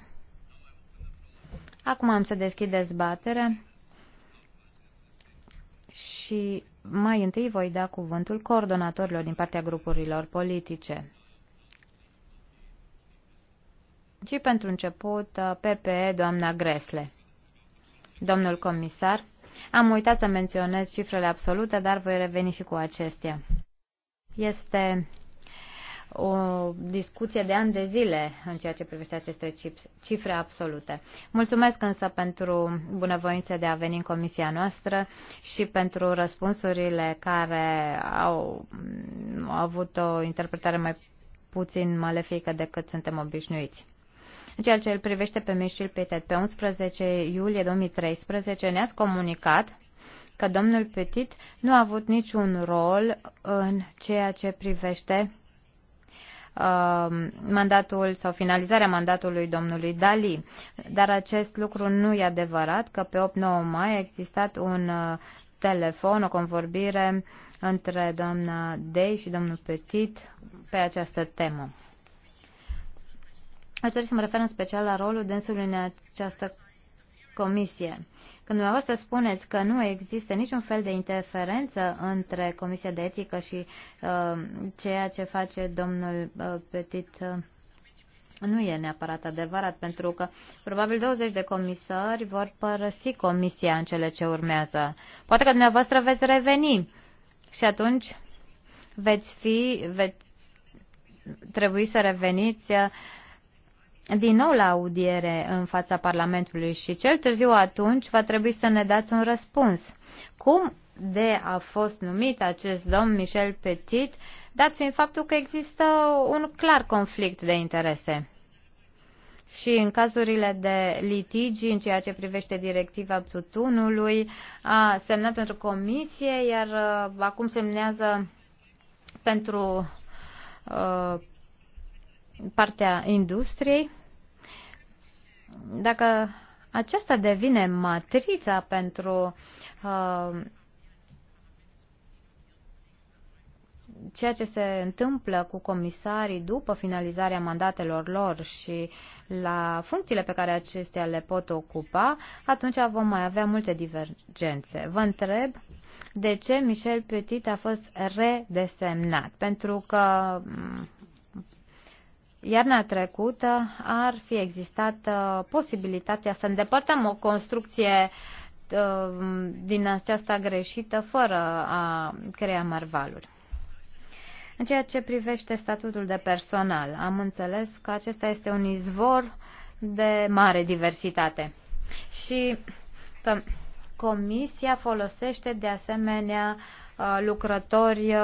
Acum am să deschid dezbatere și mai întâi voi da cuvântul coordonatorilor din partea grupurilor politice. Și pentru început, uh, PPE, doamna Gresle. Domnul comisar, am uitat să menționez cifrele absolute, dar voi reveni și cu acestea. Este o discuție de ani de zile în ceea ce privește aceste cifre absolute. Mulțumesc însă pentru bunăvoința de a veni în comisia noastră și pentru răspunsurile care au, au avut o interpretare mai puțin malefică decât suntem obișnuiți. În ceea ce îl privește pe Michel Petit, pe 11 iulie 2013 ne a comunicat că domnul Petit nu a avut niciun rol în ceea ce privește um, mandatul sau finalizarea mandatului domnului Dali. Dar acest lucru nu e adevărat, că pe 8-9 mai a existat un uh, telefon, o convorbire între doamna Dei și domnul Petit pe această temă. Aș dori să mă refer în special la rolul dânsului în această comisie. Când dumneavoastră spuneți că nu există niciun fel de interferență între Comisia de Etică și uh, ceea ce face domnul uh, Petit, uh, nu e neapărat adevărat, pentru că probabil 20 de comisari vor părăsi Comisia în cele ce urmează. Poate că dumneavoastră veți reveni și atunci veți fi, veți trebui să reveniți uh, din nou la audiere în fața Parlamentului și cel târziu atunci va trebui să ne dați un răspuns. Cum de a fost numit acest domn Michel Petit, dat fiind faptul că există un clar conflict de interese. Și în cazurile de litigi, în ceea ce privește directiva tutunului, a semnat pentru comisie, iar uh, acum semnează pentru uh, partea industriei, dacă aceasta devine matrița pentru uh, ceea ce se întâmplă cu comisarii după finalizarea mandatelor lor și la funcțiile pe care acestea le pot ocupa, atunci vom mai avea multe divergențe. Vă întreb de ce Michel Petit a fost redesemnat, pentru că iarna trecută ar fi existat uh, posibilitatea să îndepărtăm o construcție uh, din aceasta greșită fără a crea mari valuri. În ceea ce privește statutul de personal, am înțeles că acesta este un izvor de mare diversitate și că Comisia folosește de asemenea uh, lucrători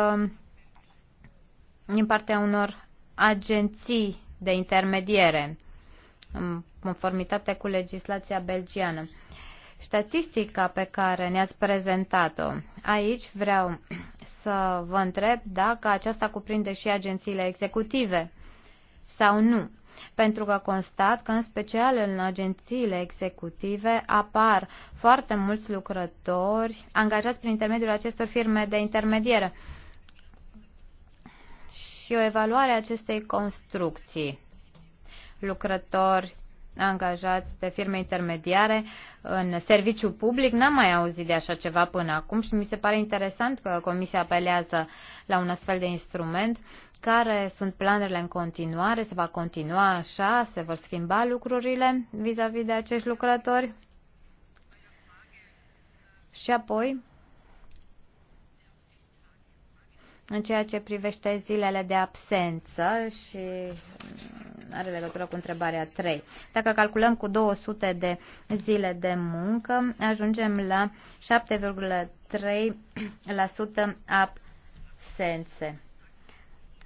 din partea unor agenții de intermediere în conformitate cu legislația belgiană. Statistica pe care ne-ați prezentat-o, aici vreau să vă întreb dacă aceasta cuprinde și agențiile executive sau nu, pentru că constat că în special în agențiile executive apar foarte mulți lucrători angajați prin intermediul acestor firme de intermediere și o evaluare a acestei construcții. Lucrători angajați de firme intermediare în serviciu public. N-am mai auzit de așa ceva până acum și mi se pare interesant că Comisia apelează la un astfel de instrument. Care sunt planurile în continuare? Se va continua așa? Se vor schimba lucrurile vis-a-vis -vis de acești lucrători? Și apoi, În ceea ce privește zilele de absență și mm, are legătură cu întrebarea 3. Dacă calculăm cu 200 de zile de muncă, ajungem la 7,3% absențe.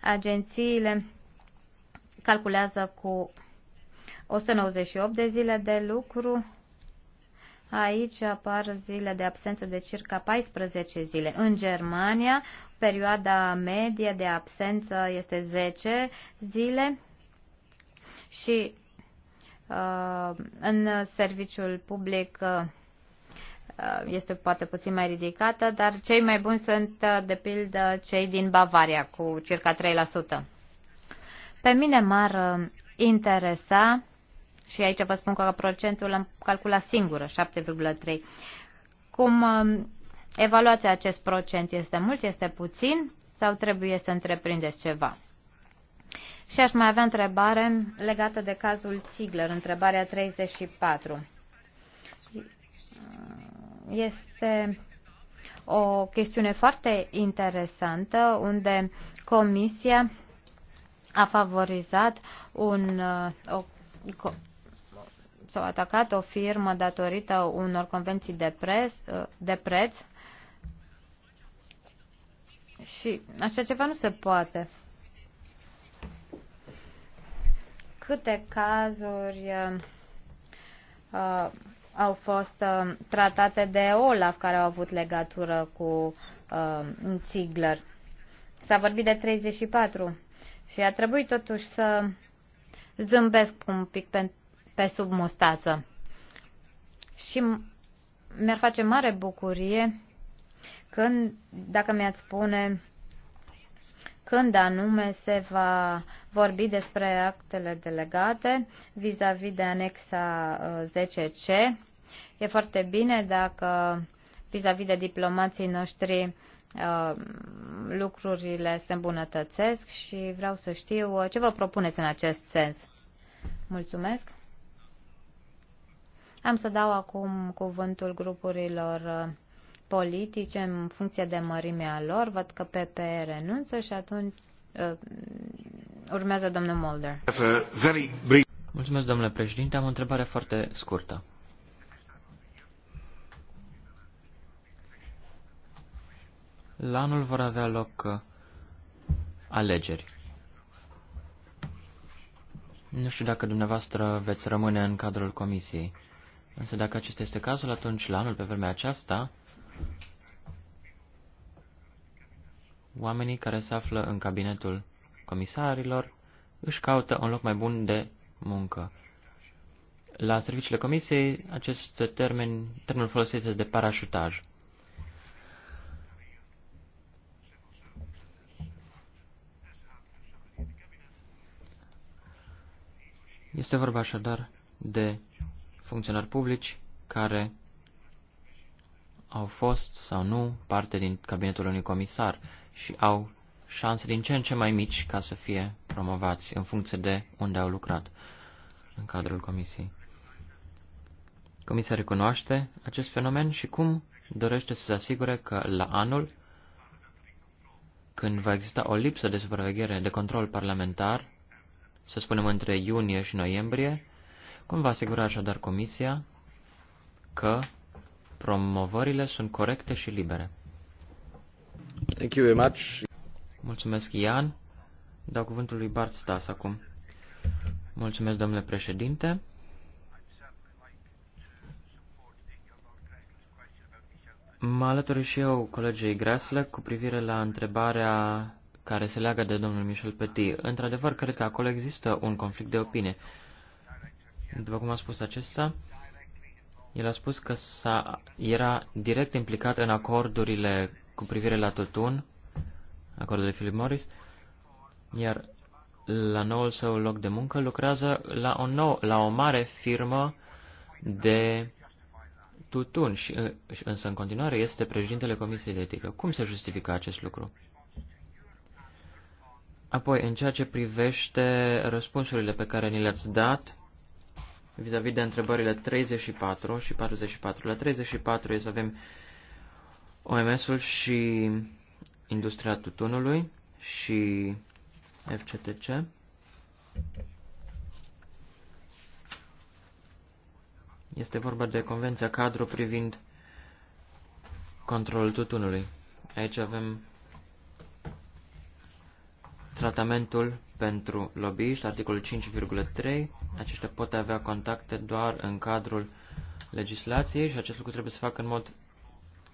Agențiile calculează cu 198 de zile de lucru Aici apar zile de absență de circa 14 zile. În Germania, perioada medie de absență este 10 zile și uh, în serviciul public uh, uh, este poate puțin mai ridicată, dar cei mai buni sunt, uh, de pildă, cei din Bavaria, cu circa 3%. Pe mine m-ar uh, interesa și aici vă spun că procentul l-am calculat singură, 7,3. Cum um, evaluați acest procent? Este mult, este puțin sau trebuie să întreprindeți ceva? Și aș mai avea întrebare legată de cazul Ziegler, întrebarea 34. Este o chestiune foarte interesantă unde Comisia a favorizat un, uh, o, sau atacat o firmă datorită unor convenții de, pres, de preț și așa ceva nu se poate. Câte cazuri uh, au fost uh, tratate de Olaf care au avut legătură cu uh, Ziegler. S-a vorbit de 34 și a trebuit totuși să zâmbesc un pic pentru pe sub mustață. Și mi-ar face mare bucurie când, dacă mi-ați spune când anume se va vorbi despre actele delegate vis-a-vis -vis de anexa 10C. Uh, e foarte bine dacă vis-a-vis -vis de diplomații noștri uh, lucrurile se îmbunătățesc și vreau să știu uh, ce vă propuneți în acest sens. Mulțumesc! Am să dau acum cuvântul grupurilor uh, politice în funcție de mărimea lor. Văd că PP renunță și atunci uh, urmează domnul Mulder. Mulțumesc, domnule președinte. Am o întrebare foarte scurtă. La anul vor avea loc uh, alegeri. Nu știu dacă dumneavoastră veți rămâne în cadrul comisiei. Însă dacă acesta este cazul, atunci la anul pe vremea aceasta, oamenii care se află în cabinetul comisarilor își caută un loc mai bun de muncă. La serviciile comisiei, acest termen, termenul folosit este de parașutaj. Este vorba așadar de funcționari publici care au fost sau nu parte din cabinetul unui comisar și au șanse din ce în ce mai mici ca să fie promovați în funcție de unde au lucrat în cadrul comisiei. Comisia recunoaște acest fenomen și cum dorește să se asigure că la anul, când va exista o lipsă de supraveghere de control parlamentar, să spunem între iunie și noiembrie, cum va asigura așadar Comisia că promovările sunt corecte și libere? Thank you very much. Mulțumesc, Ian. Dau cuvântul lui Bart Stas acum. Mulțumesc, domnule președinte. Mă alătur și eu colegii Grasle cu privire la întrebarea care se leagă de domnul Michel Petit. Într-adevăr, cred că acolo există un conflict de opinie. După cum a spus acesta, el a spus că s-a, era direct implicat în acordurile cu privire la acordul acordurile Philip Morris, iar la noul său loc de muncă lucrează la o, nou, la o mare firmă de tutun, și, însă în continuare este președintele Comisiei de Etică. Cum se justifică acest lucru? Apoi, în ceea ce privește răspunsurile pe care ni le-ați dat, vis-a-vis -vis de întrebările 34 și 44. La 34 este să avem OMS-ul și industria tutunului și FCTC. Este vorba de Convenția Cadru privind controlul tutunului. Aici avem tratamentul pentru lobbyiști, articolul 5,3, aceștia pot avea contacte doar în cadrul legislației și acest lucru trebuie să facă în mod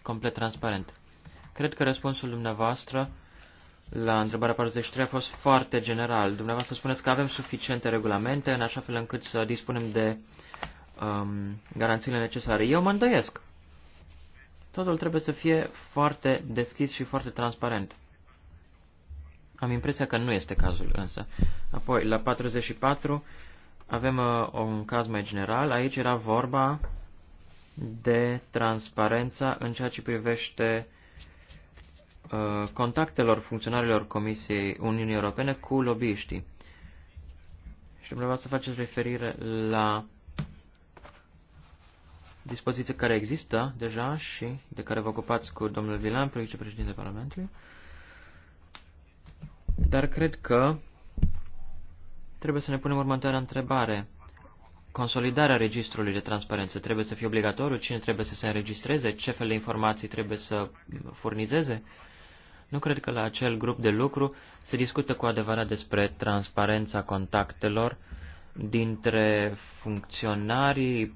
complet transparent. Cred că răspunsul dumneavoastră la întrebarea 43 a fost foarte general. Dumneavoastră spuneți că avem suficiente regulamente în așa fel încât să dispunem de um, garanțiile necesare. Eu mă îndoiesc. Totul trebuie să fie foarte deschis și foarte transparent. Am impresia că nu este cazul însă. Apoi, la 44 avem uh, un caz mai general. Aici era vorba de transparența în ceea ce privește uh, contactelor funcționarilor Comisiei Uniunii Europene cu lobbyiștii. Și să faceți referire la dispoziție care există deja și de care vă ocupați cu domnul Vilan, vicepreședintele Parlamentului. Uh, dar cred că trebuie să ne punem următoarea întrebare. Consolidarea registrului de transparență trebuie să fie obligatoriu? Cine trebuie să se înregistreze? Ce fel de informații trebuie să furnizeze? Nu cred că la acel grup de lucru se discută cu adevărat despre transparența contactelor dintre funcționarii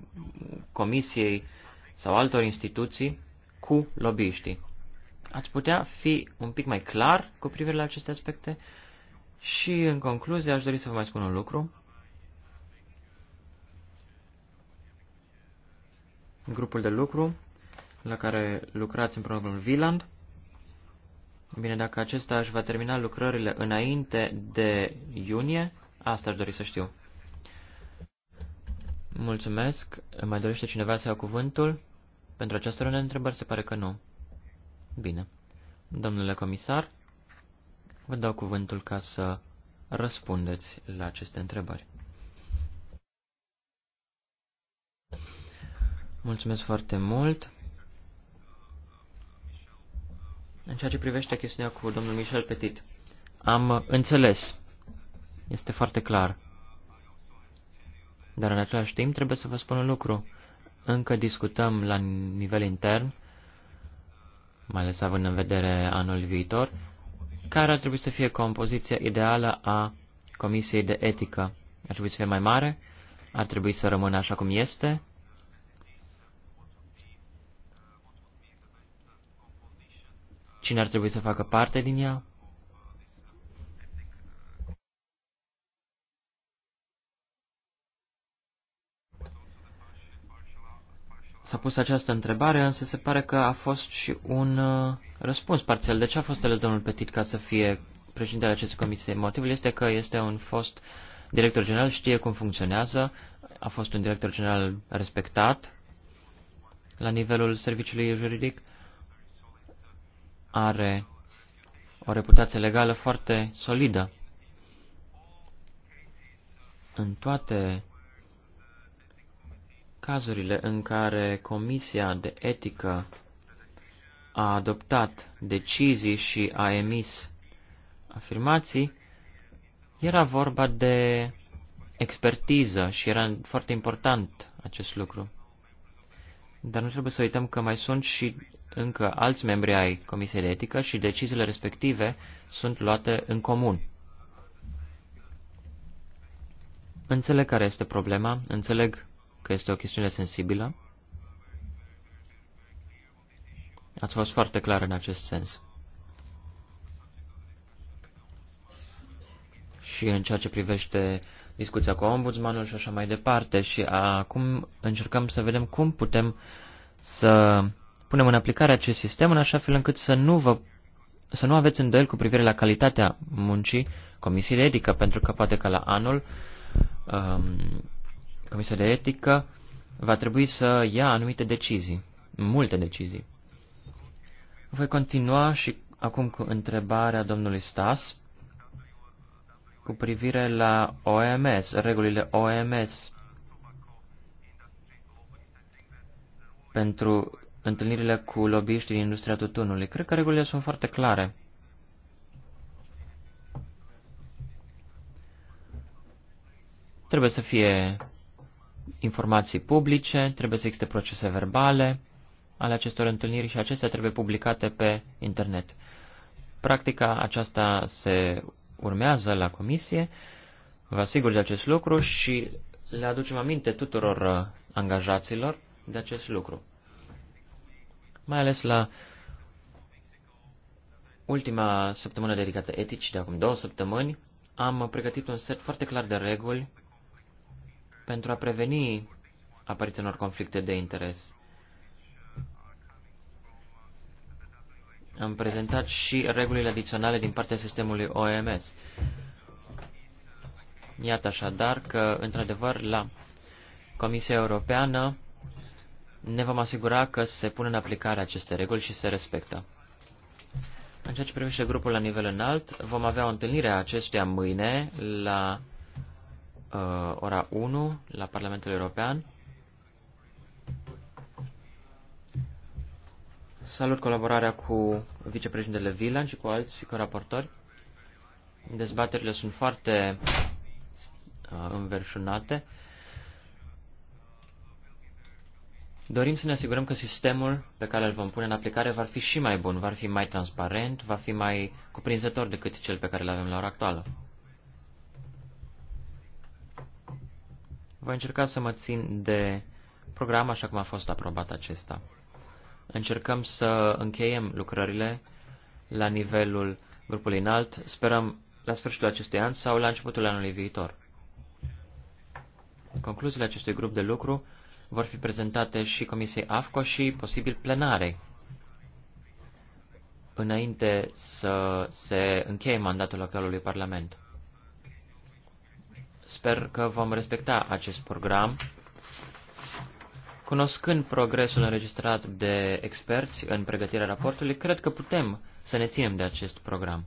comisiei sau altor instituții cu lobbyiștii. Ați putea fi un pic mai clar cu privire la aceste aspecte? Și, în concluzie, aș dori să vă mai spun un lucru. Grupul de lucru la care lucrați împreună cu Viland. Bine, dacă acesta își va termina lucrările înainte de iunie, asta aș dori să știu. Mulțumesc. Mai dorește cineva să ia cuvântul? Pentru această rândă de întrebări se pare că nu. Bine. Domnule comisar, vă dau cuvântul ca să răspundeți la aceste întrebări. Mulțumesc foarte mult. În ceea ce privește chestiunea cu domnul Michel Petit, am înțeles. Este foarte clar. Dar în același timp trebuie să vă spun un lucru. Încă discutăm la nivel intern mai ales având în vedere anul viitor, care ar trebui să fie compoziția ideală a Comisiei de Etică? Ar trebui să fie mai mare? Ar trebui să rămână așa cum este? Cine ar trebui să facă parte din ea? S-a pus această întrebare, însă se pare că a fost și un uh, răspuns parțial. De ce a fost ales domnul Petit ca să fie președintele acestei comisii? Motivul este că este un fost director general, știe cum funcționează, a fost un director general respectat la nivelul serviciului juridic, are o reputație legală foarte solidă. În toate cazurile în care Comisia de Etică a adoptat decizii și a emis afirmații, era vorba de expertiză și era foarte important acest lucru. Dar nu trebuie să uităm că mai sunt și încă alți membri ai Comisiei de Etică și deciziile respective sunt luate în comun. Înțeleg care este problema, înțeleg că este o chestiune sensibilă. Ați fost foarte clar în acest sens. Și în ceea ce privește discuția cu ombudsmanul și așa mai departe. Și acum încercăm să vedem cum putem să punem în aplicare acest sistem în așa fel încât să nu vă să nu aveți îndoieli cu privire la calitatea muncii Comisiei de Etică, pentru că poate că la anul um, Comisia de Etică va trebui să ia anumite decizii, multe decizii. Voi continua și acum cu întrebarea domnului Stas cu privire la OMS, regulile OMS pentru întâlnirile cu lobbyiștii din industria tutunului. Cred că regulile sunt foarte clare. Trebuie să fie informații publice, trebuie să existe procese verbale ale acestor întâlniri și acestea trebuie publicate pe internet. Practica aceasta se urmează la comisie, vă asigur de acest lucru și le aducem aminte tuturor uh, angajaților de acest lucru. Mai ales la ultima săptămână dedicată etici de acum două săptămâni, am pregătit un set foarte clar de reguli pentru a preveni apariția unor conflicte de interes. Am prezentat și regulile adiționale din partea sistemului OMS. Iată așadar că, într-adevăr, la Comisia Europeană ne vom asigura că se pun în aplicare aceste reguli și se respectă. În ceea ce privește grupul la nivel înalt, vom avea o întâlnire a acestuia mâine la uh, ora 1 la Parlamentul European. Salut colaborarea cu vicepreședintele Vilan și cu alți coraportori. Dezbaterile sunt foarte uh, înverșunate. Dorim să ne asigurăm că sistemul pe care îl vom pune în aplicare va fi și mai bun, va fi mai transparent, va fi mai cuprinzător decât cel pe care îl avem la ora actuală. Voi încerca să mă țin de program așa cum a fost aprobat acesta. Încercăm să încheiem lucrările la nivelul grupului înalt, sperăm la sfârșitul acestui an sau la începutul anului viitor. Concluziile acestui grup de lucru vor fi prezentate și Comisiei AFCO și posibil plenarei înainte să se încheie mandatul actualului Parlament. Sper că vom respecta acest program. Cunoscând progresul înregistrat de experți în pregătirea raportului, cred că putem să ne ținem de acest program.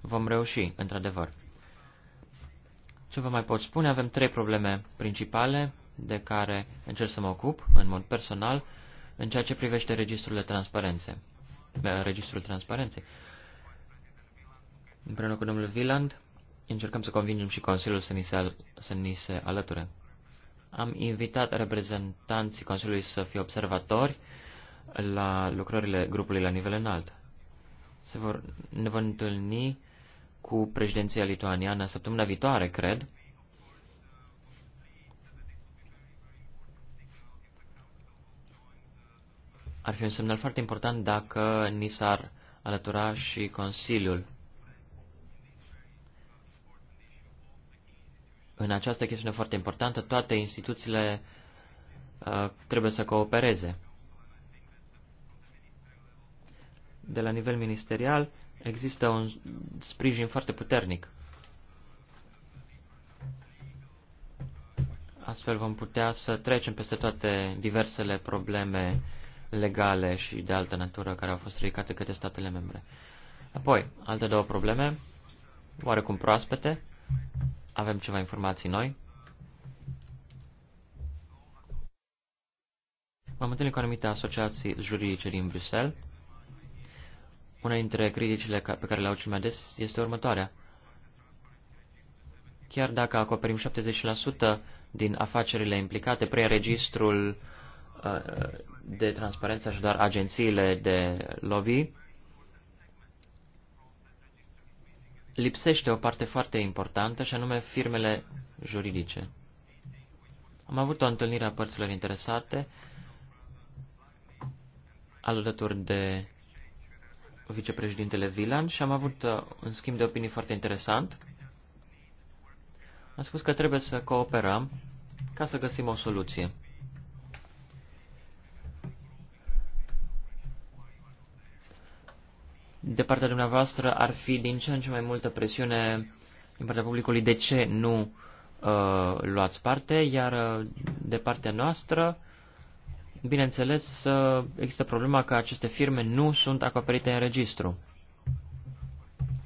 Vom reuși, într-adevăr. Ce vă mai pot spune? Avem trei probleme principale de care încerc să mă ocup în mod personal în ceea ce privește registrul de transparențe. Registrul transparenței. Împreună cu domnul Viland încercăm să convingem și Consiliul să ni se, al- să ni se alăture. Am invitat reprezentanții Consiliului să fie observatori la lucrările grupului la nivel înalt. Se vor, ne vom întâlni cu președinția lituaniană săptămâna viitoare, cred. Ar fi un semnal foarte important dacă ni s-ar alătura și Consiliul. În această chestiune foarte importantă, toate instituțiile uh, trebuie să coopereze. De la nivel ministerial există un sprijin foarte puternic. Astfel vom putea să trecem peste toate diversele probleme legale și de altă natură care au fost ridicate către statele membre. Apoi, alte două probleme, oarecum proaspete, avem ceva informații noi. M-am întâlnit cu anumite asociații juridice din Bruxelles. Una dintre criticile pe care le-au cel mai des este următoarea. Chiar dacă acoperim 70% din afacerile implicate, prin registrul uh, de transparență și doar agențiile de lobby, lipsește o parte foarte importantă, și anume firmele juridice. Am avut o întâlnire a părților interesate alături de vicepreședintele Vilan și am avut uh, un schimb de opinii foarte interesant. Am spus că trebuie să cooperăm ca să găsim o soluție. de partea dumneavoastră ar fi din ce în ce mai multă presiune din partea publicului de ce nu uh, luați parte, iar uh, de partea noastră, bineînțeles, uh, există problema că aceste firme nu sunt acoperite în registru.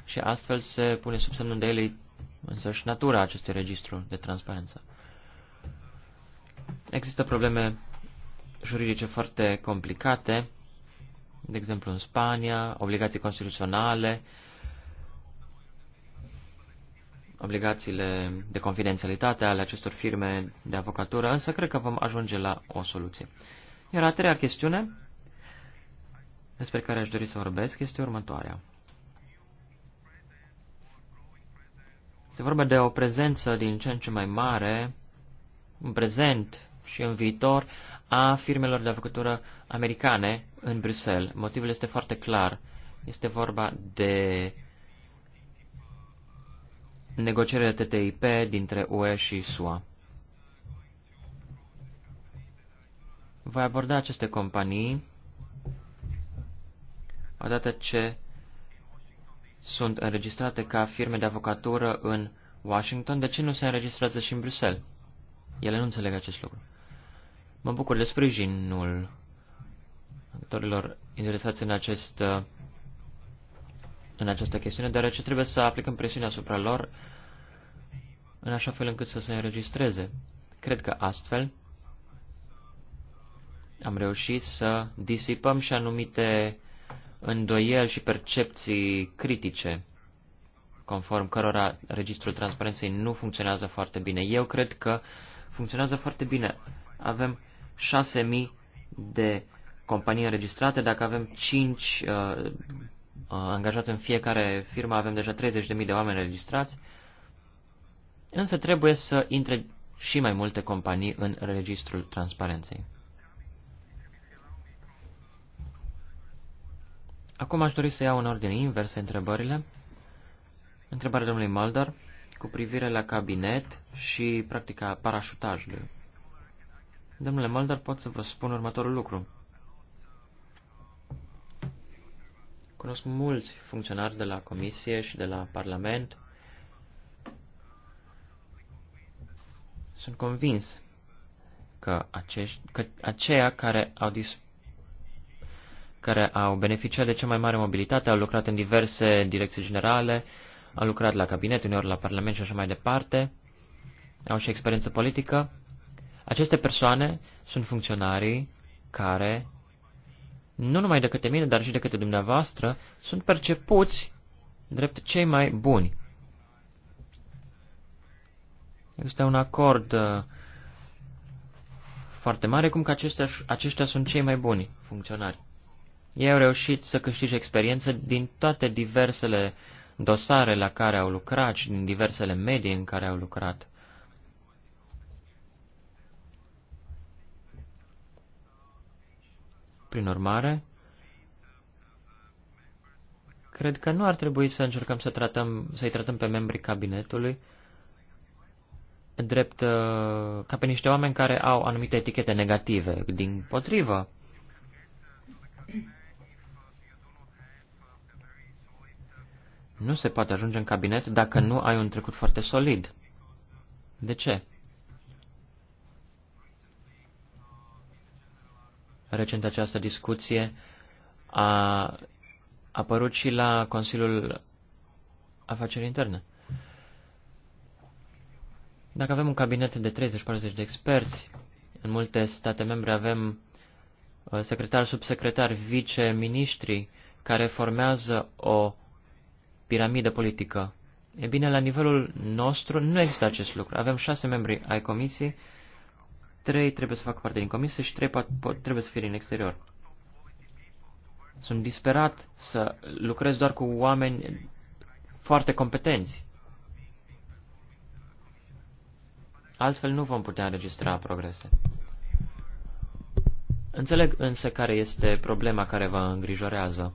Și astfel se pune sub semnul de ele însăși natura acestui registru de transparență. Există probleme juridice foarte complicate de exemplu în Spania, obligații constituționale, obligațiile de confidențialitate ale acestor firme de avocatură, însă cred că vom ajunge la o soluție. Iar a treia chestiune despre care aș dori să vorbesc este următoarea. Se vorbește de o prezență din ce în ce mai mare, în prezent și în viitor, a firmelor de avocatură americane în Bruxelles. Motivul este foarte clar. Este vorba de negocierile TTIP dintre UE și SUA. Voi aborda aceste companii odată ce sunt înregistrate ca firme de avocatură în Washington, de ce nu se înregistrează și în Bruxelles? Ele nu înțeleg acest lucru. Mă bucur de sprijinul actorilor interesați în, acest, în această chestiune, deoarece trebuie să aplicăm presiunea asupra lor în așa fel încât să se înregistreze. Cred că astfel am reușit să disipăm și anumite îndoieli și percepții critice, conform cărora registrul transparenței nu funcționează foarte bine. Eu cred că funcționează foarte bine. Avem 6.000 de companii înregistrate, dacă avem 5 uh, uh, angajați în fiecare firmă, avem deja 30.000 de oameni înregistrați, însă trebuie să intre și mai multe companii în registrul transparenței. Acum aș dori să iau în ordine inversă întrebările. Întrebarea domnului Mulder cu privire la cabinet și practica parașutajului. Domnule Mulder, pot să vă spun următorul lucru. Cunosc mulți funcționari de la Comisie și de la Parlament. Sunt convins că, acești, că aceia care au dis, care au beneficiat de cea mai mare mobilitate, au lucrat în diverse direcții generale, au lucrat la cabinet, uneori la Parlament și așa mai departe, au și experiență politică. Aceste persoane sunt funcționarii care nu numai de către mine, dar și de către dumneavoastră, sunt percepuți drept cei mai buni. Este un acord uh, foarte mare, cum că aceștia, aceștia sunt cei mai buni funcționari. Ei au reușit să câștige experiență din toate diversele dosare la care au lucrat și din diversele medii în care au lucrat. Prin urmare, cred că nu ar trebui să încercăm să tratăm, să-i tratăm pe membrii cabinetului drept uh, ca pe niște oameni care au anumite etichete negative. Din potrivă, nu se poate ajunge în cabinet dacă nu ai un trecut foarte solid. De ce? Recent această discuție a apărut și la Consiliul Afaceri Interne. Dacă avem un cabinet de 30-40 de experți, în multe state membre avem uh, secretari, subsecretari, viceministri care formează o piramidă politică. E bine, la nivelul nostru nu există acest lucru. Avem șase membri ai comisiei trei trebuie să fac parte din comisie și trei trebuie să fie în exterior. Sunt disperat să lucrez doar cu oameni foarte competenți. Altfel nu vom putea înregistra progrese. Înțeleg însă care este problema care vă îngrijorează.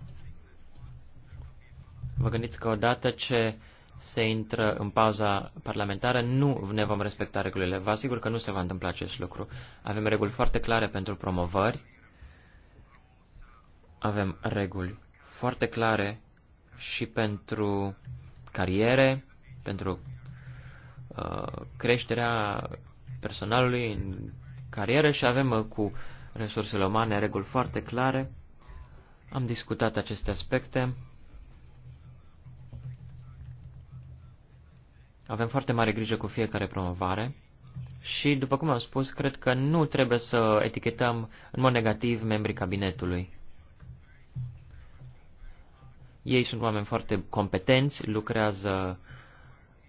Vă gândiți că odată ce se intră în pauza parlamentară, nu ne vom respecta regulile. Vă asigur că nu se va întâmpla acest lucru. Avem reguli foarte clare pentru promovări, avem reguli foarte clare și pentru cariere, pentru uh, creșterea personalului în carieră și avem uh, cu resursele umane reguli foarte clare. Am discutat aceste aspecte. Avem foarte mare grijă cu fiecare promovare și, după cum am spus, cred că nu trebuie să etichetăm în mod negativ membrii cabinetului. Ei sunt oameni foarte competenți, lucrează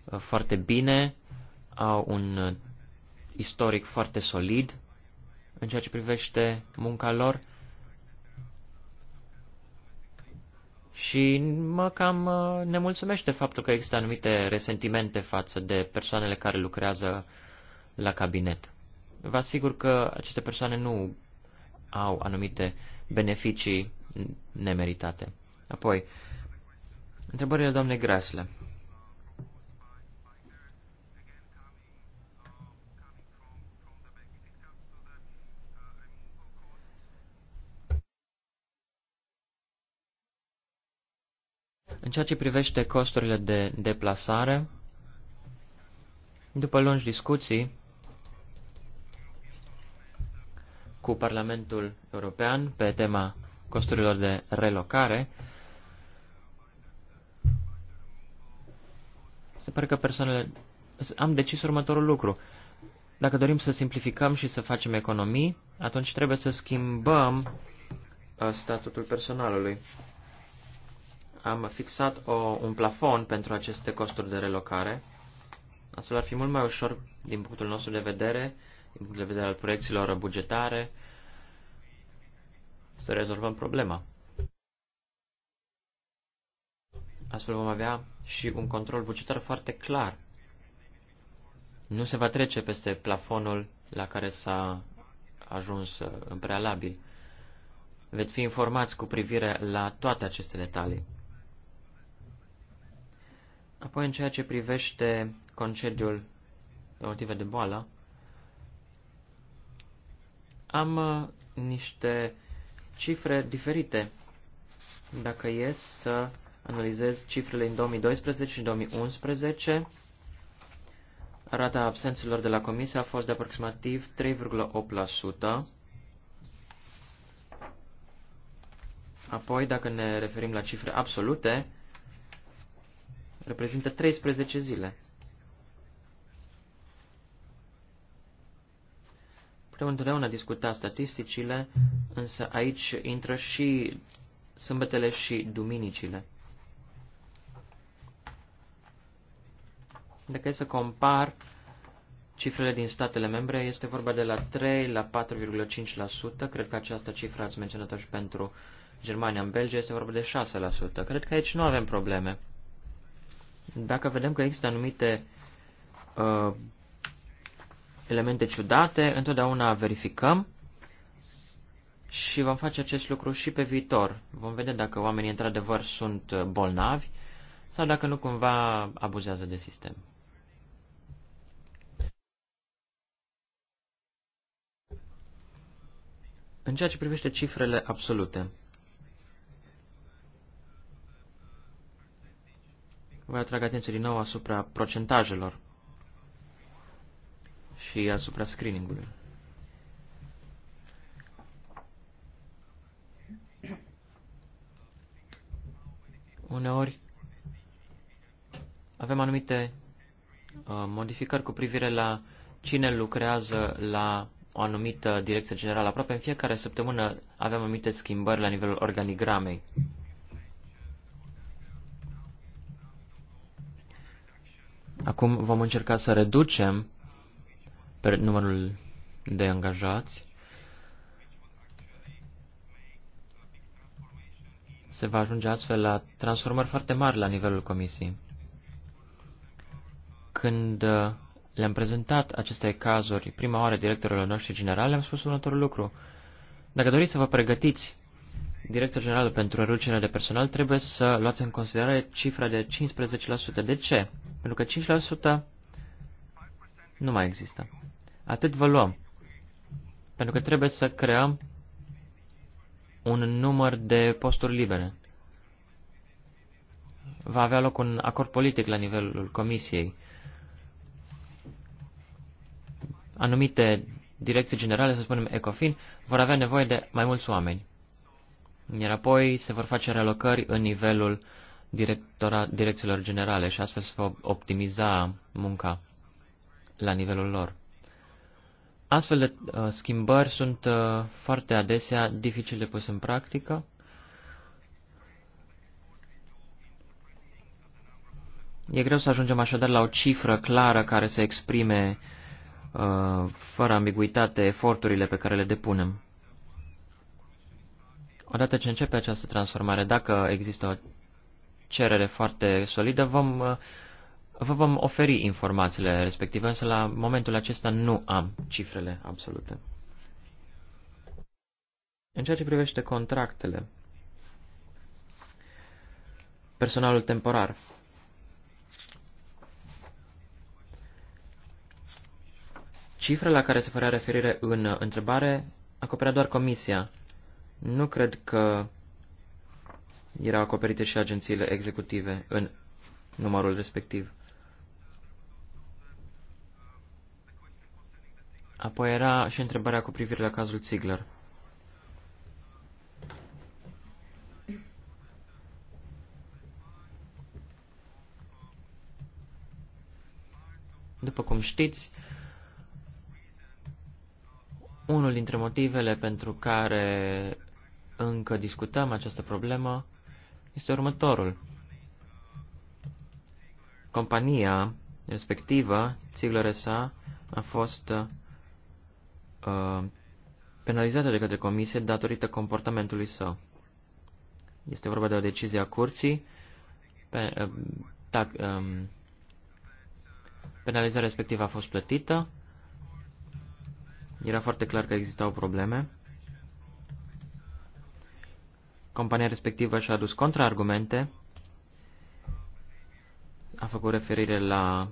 uh, foarte bine, au un uh, istoric foarte solid în ceea ce privește munca lor Și mă cam uh, nemulțumește faptul că există anumite resentimente față de persoanele care lucrează la cabinet. Vă asigur că aceste persoane nu au anumite beneficii nemeritate. Apoi, întrebările doamnei Grasle. În ceea ce privește costurile de deplasare, după lungi discuții cu Parlamentul European pe tema costurilor de relocare, se pare că persoanele... Am decis următorul lucru. Dacă dorim să simplificăm și să facem economii, atunci trebuie să schimbăm uh, statutul personalului am fixat o, un plafon pentru aceste costuri de relocare. Astfel ar fi mult mai ușor din punctul nostru de vedere, din punctul de vedere al proiecțiilor bugetare, să rezolvăm problema. Astfel vom avea și un control bugetar foarte clar. Nu se va trece peste plafonul la care s-a ajuns în prealabil. Veți fi informați cu privire la toate aceste detalii. Apoi, în ceea ce privește concediul pe motive de boală, am uh, niște cifre diferite. Dacă e să analizez cifrele în 2012 și 2011, rata absențelor de la comisie a fost de aproximativ 3,8%. Apoi, dacă ne referim la cifre absolute, reprezintă 13 zile. Putem întotdeauna discuta statisticile, însă aici intră și sâmbătele și duminicile. Dacă e să compar cifrele din statele membre, este vorba de la 3 la 4,5%. Cred că această cifră ați menționat-o și pentru Germania. În Belgia este vorba de 6%. Cred că aici nu avem probleme dacă vedem că există anumite uh, elemente ciudate, întotdeauna verificăm și vom face acest lucru și pe viitor. Vom vedea dacă oamenii într-adevăr sunt uh, bolnavi sau dacă nu cumva abuzează de sistem. În ceea ce privește cifrele absolute, Vă atrag atenție din nou asupra procentajelor și asupra screeningului. Uneori avem anumite uh, modificări cu privire la cine lucrează la o anumită direcție generală. Aproape în fiecare săptămână avem anumite schimbări la nivelul organigramei. Acum vom încerca să reducem numărul de angajați. Se va ajunge astfel la transformări foarte mari la nivelul comisiei. Când uh, le-am prezentat aceste cazuri prima oară directorilor noștri generale, am spus următorul lucru. Dacă doriți să vă pregătiți Direcția Generală pentru Reducerea de Personal trebuie să luați în considerare cifra de 15%. De ce? Pentru că 5% nu mai există. Atât vă luăm. Pentru că trebuie să creăm un număr de posturi libere. Va avea loc un acord politic la nivelul comisiei. Anumite direcții generale, să spunem ECOFIN, vor avea nevoie de mai mulți oameni iar apoi se vor face relocări în nivelul direcțiilor generale și astfel se va optimiza munca la nivelul lor. Astfel de uh, schimbări sunt uh, foarte adesea dificile, pus în practică. E greu să ajungem așadar la o cifră clară care să exprime uh, fără ambiguitate eforturile pe care le depunem. Odată ce începe această transformare, dacă există o cerere foarte solidă, vom, uh, vă vom oferi informațiile respective, însă la momentul acesta nu am cifrele absolute. În ceea ce privește contractele, personalul temporar. Cifra la care se făcea referire în întrebare acoperea doar comisia. Nu cred că erau acoperite și agențiile executive în numărul respectiv. Apoi era și întrebarea cu privire la cazul Ziegler. După cum știți, unul dintre motivele pentru care încă discutăm această problemă este următorul. Compania respectivă, Ziegler S.A., a fost uh, penalizată de către comisie datorită comportamentului său. Este vorba de o decizie a curții. Pe, uh, tac, um, penalizarea respectivă a fost plătită. Era foarte clar că existau probleme compania respectivă și-a adus contraargumente, a făcut referire la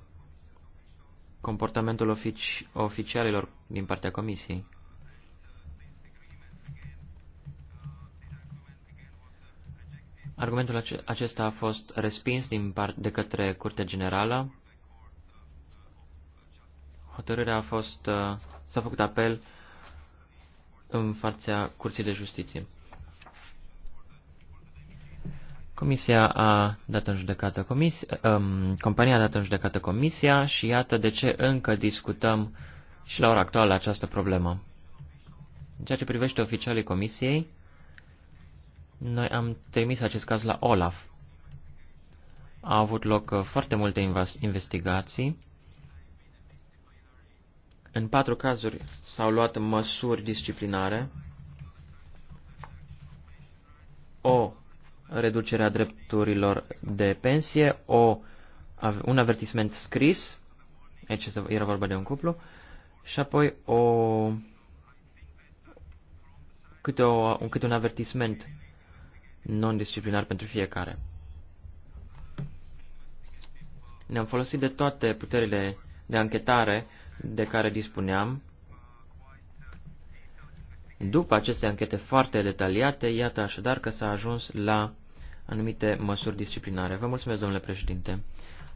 comportamentul ofici oficialilor din partea comisiei. Argumentul acesta a fost respins din de către Curtea Generală. Hotărârea a fost uh, s-a făcut apel în fața Curții de Justiție. Comisia a dat în judecată comisia, um, compania a dat în judecată comisia și iată de ce încă discutăm și la ora actuală această problemă. În ceea ce privește oficialii comisiei, noi am trimis acest caz la Olaf. Au avut loc uh, foarte multe investigații. În patru cazuri s-au luat măsuri disciplinare. O reducerea drepturilor de pensie, o, un avertisment scris, aici era vorba de un cuplu, și apoi o, câte, o, un, câte un avertisment non-disciplinar pentru fiecare. Ne-am folosit de toate puterile de anchetare de care dispuneam după aceste anchete foarte detaliate, iată așadar că s-a ajuns la anumite măsuri disciplinare. Vă mulțumesc, domnule președinte.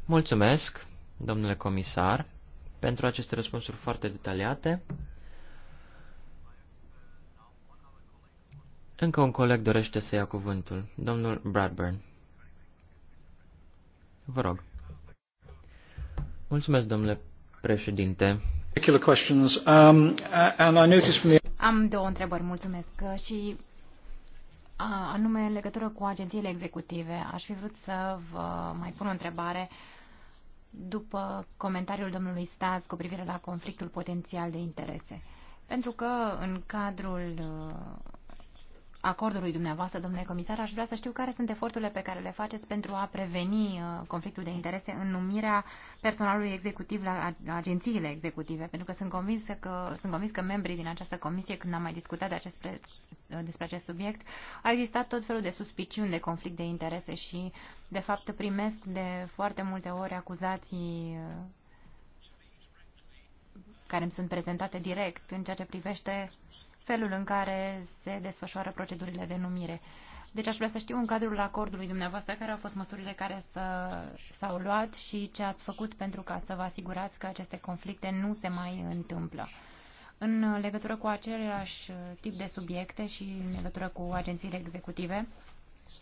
Mulțumesc, domnule comisar, pentru aceste răspunsuri foarte detaliate. Încă un coleg dorește să ia cuvântul, domnul Bradburn. Vă rog. Mulțumesc, domnule președinte. Am două întrebări, mulțumesc. Și anume în legătură cu agențiile executive, aș fi vrut să vă mai pun o întrebare după comentariul domnului Staz cu privire la conflictul potențial de interese. Pentru că în cadrul acordului dumneavoastră, domnule comisar, aș vrea să știu care sunt eforturile pe care le faceți pentru a preveni uh, conflictul de interese în numirea personalului executiv la agențiile executive, pentru că sunt convins că, sunt convins că membrii din această comisie, când am mai discutat de acest, uh, despre acest subiect, a existat tot felul de suspiciuni de conflict de interese și, de fapt, primesc de foarte multe ori acuzații uh, care îmi sunt prezentate direct în ceea ce privește felul în care se desfășoară procedurile de numire. Deci aș vrea să știu în cadrul acordului dumneavoastră care au fost măsurile care s-au luat și ce ați făcut pentru ca să vă asigurați că aceste conflicte nu se mai întâmplă. În legătură cu același tip de subiecte și în legătură cu agențiile executive,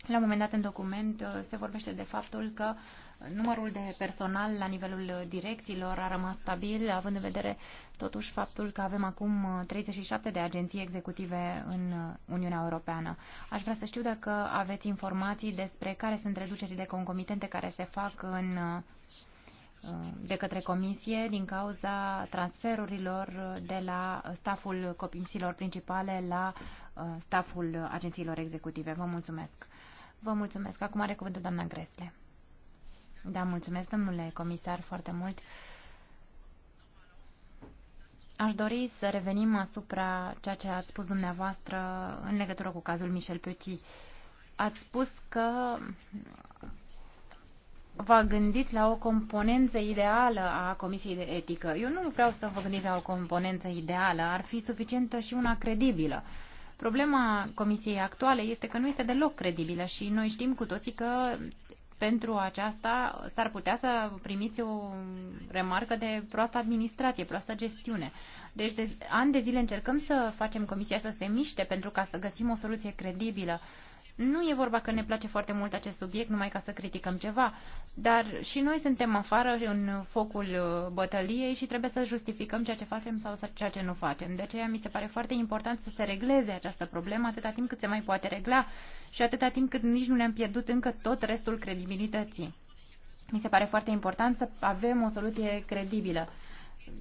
la un moment dat în document uh, se vorbește de faptul că numărul de personal la nivelul direcțiilor a rămas stabil, având în vedere totuși faptul că avem acum 37 uh, de agenții executive în uh, Uniunea Europeană. Aș vrea să știu dacă aveți informații despre care sunt reducerile concomitente care se fac în de către comisie din cauza transferurilor de la staful comisiilor principale la staful agențiilor executive. Vă mulțumesc! Vă mulțumesc. Acum are cuvântul doamna Gresle. Da, mulțumesc, domnule comisar, foarte mult. Aș dori să revenim asupra ceea ce ați spus dumneavoastră în legătură cu cazul Michel Petit. Ați spus că vă gândiți la o componență ideală a Comisiei de Etică. Eu nu vreau să vă gândiți la o componență ideală, ar fi suficientă și una credibilă. Uh, Problema comisiei actuale este că nu este deloc credibilă și noi știm cu toții că pentru aceasta s-ar putea să primiți o remarcă de proastă administrație, proastă gestiune. Deci de ani de zile încercăm să facem comisia să se miște pentru ca să găsim o soluție credibilă. Nu e vorba că ne place foarte mult acest subiect numai ca să criticăm ceva, dar și noi suntem afară în focul uh, bătăliei și trebuie să justificăm ceea ce facem sau ceea ce nu facem. De aceea mi se pare foarte important să se regleze această problemă atâta timp cât se mai poate regla și atâta timp cât nici nu ne-am pierdut încă tot restul credibilității. Mi se pare foarte important să avem o soluție credibilă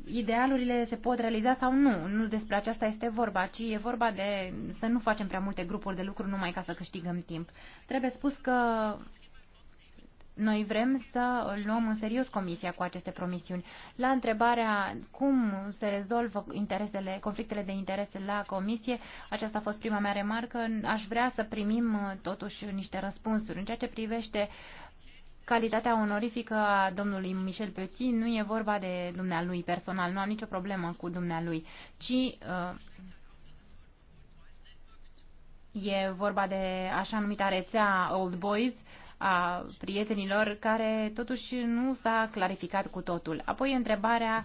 idealurile se pot realiza sau nu. Nu despre aceasta este vorba, ci e vorba de să nu facem prea multe grupuri de lucru numai ca să câștigăm timp. Trebuie spus că noi vrem să luăm în serios comisia cu aceste promisiuni. La întrebarea cum se rezolvă interesele, conflictele de interese la comisie, aceasta a fost prima mea remarcă, aș vrea să primim uh, totuși niște răspunsuri. În ceea ce privește uh, calitatea onorifică a domnului Michel Petit nu e vorba de dumnealui personal, nu am nicio problemă cu dumnealui, ci uh, e vorba de așa numita rețea Old Boys a prietenilor care totuși nu s-a clarificat cu totul. Apoi întrebarea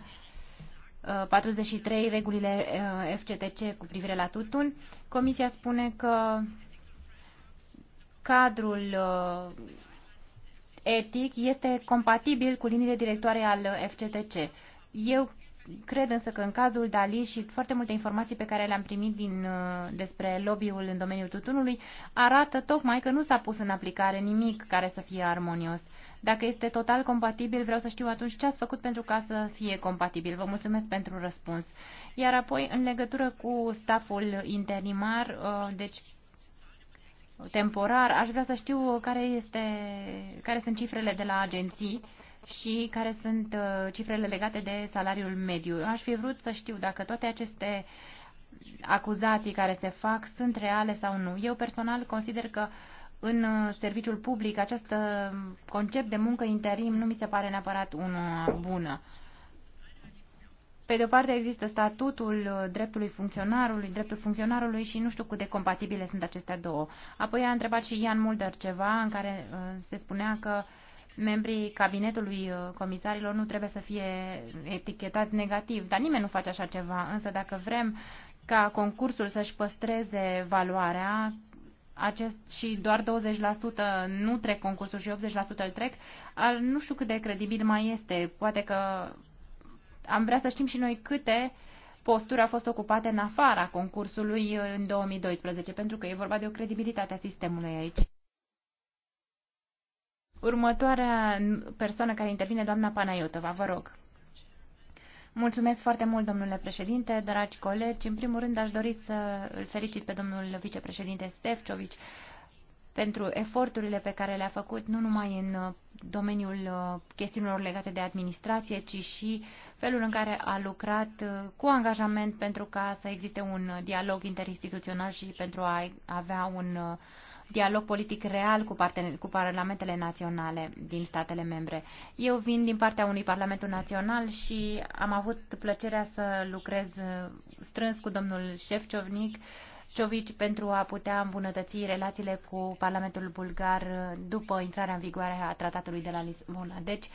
43, uh, regulile uh, FCTC cu privire la tutun. Comisia spune că cadrul uh, etic este compatibil cu liniile directoare al uh, FCTC. Eu cred însă că în cazul Dali și foarte multe informații pe care le-am primit din, uh, despre lobby-ul în domeniul tutunului arată tocmai că nu s-a pus în aplicare nimic care să fie armonios. Dacă este total compatibil, vreau să știu atunci ce ați făcut pentru ca să fie compatibil. Vă mulțumesc pentru răspuns. Iar apoi, în legătură cu staful interimar, uh, deci temporar. Aș vrea să știu care, este, care sunt cifrele de la agenții și care sunt uh, cifrele legate de salariul mediu. Aș fi vrut să știu dacă toate aceste acuzații care se fac sunt reale sau nu. Eu personal consider că în uh, serviciul public acest concept de muncă interim nu mi se pare neapărat una bună pe de o parte există statutul uh, dreptului funcționarului, dreptul funcționarului și nu știu cât de compatibile sunt acestea două. Apoi a întrebat și Ian Mulder ceva în care uh, se spunea că membrii cabinetului uh, comisarilor nu trebuie să fie etichetați negativ, dar nimeni nu face așa ceva. Însă dacă vrem ca concursul să-și păstreze valoarea, acest și doar 20% nu trec concursul și 80% îl trec, nu știu cât de credibil mai este. Poate că am vrea să știm și noi câte posturi au fost ocupate în afara concursului în 2012, pentru că e vorba de o credibilitate a sistemului aici. Următoarea persoană care intervine, doamna Panaiotova, vă rog. Mulțumesc foarte mult, domnule președinte, dragi colegi. În primul rând, aș dori să îl felicit pe domnul vicepreședinte Stefcovici pentru eforturile pe care le-a făcut nu numai în uh, domeniul uh, chestiunilor legate de administrație, ci și felul în care a lucrat uh, cu angajament pentru ca să existe un dialog interinstituțional și pentru a avea un dialog politic real cu, cu parlamentele naționale din statele membre. Eu vin din partea unui parlamentul național și am avut plăcerea să lucrez strâns cu domnul Șefciovnic, Șovici pentru a putea îmbunătăți relațiile cu Parlamentul Bulgar după intrarea în vigoare a tratatului de la Lisbona. Deci,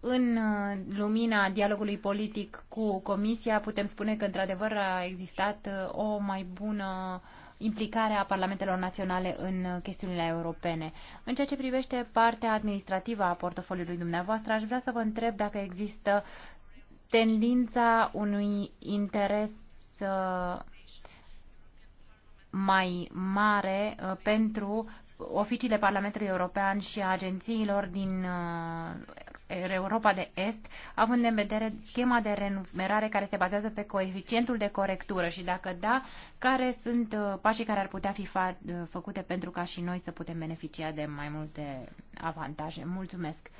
în uh, lumina dialogului politic cu Comisia, putem spune că, într-adevăr, a existat uh, o mai bună implicare a parlamentelor naționale în uh, chestiunile europene. În ceea ce privește partea administrativă a portofoliului dumneavoastră, aș vrea să vă întreb dacă există tendința unui interes mai mare uh, pentru oficiile Parlamentului European și agențiilor din uh, Europa de Est, având în vedere schema de renumerare care se bazează pe coeficientul de corectură și dacă da, care sunt uh, pașii care ar putea fi făcute pentru ca și noi să putem beneficia de mai multe avantaje. Mulțumesc!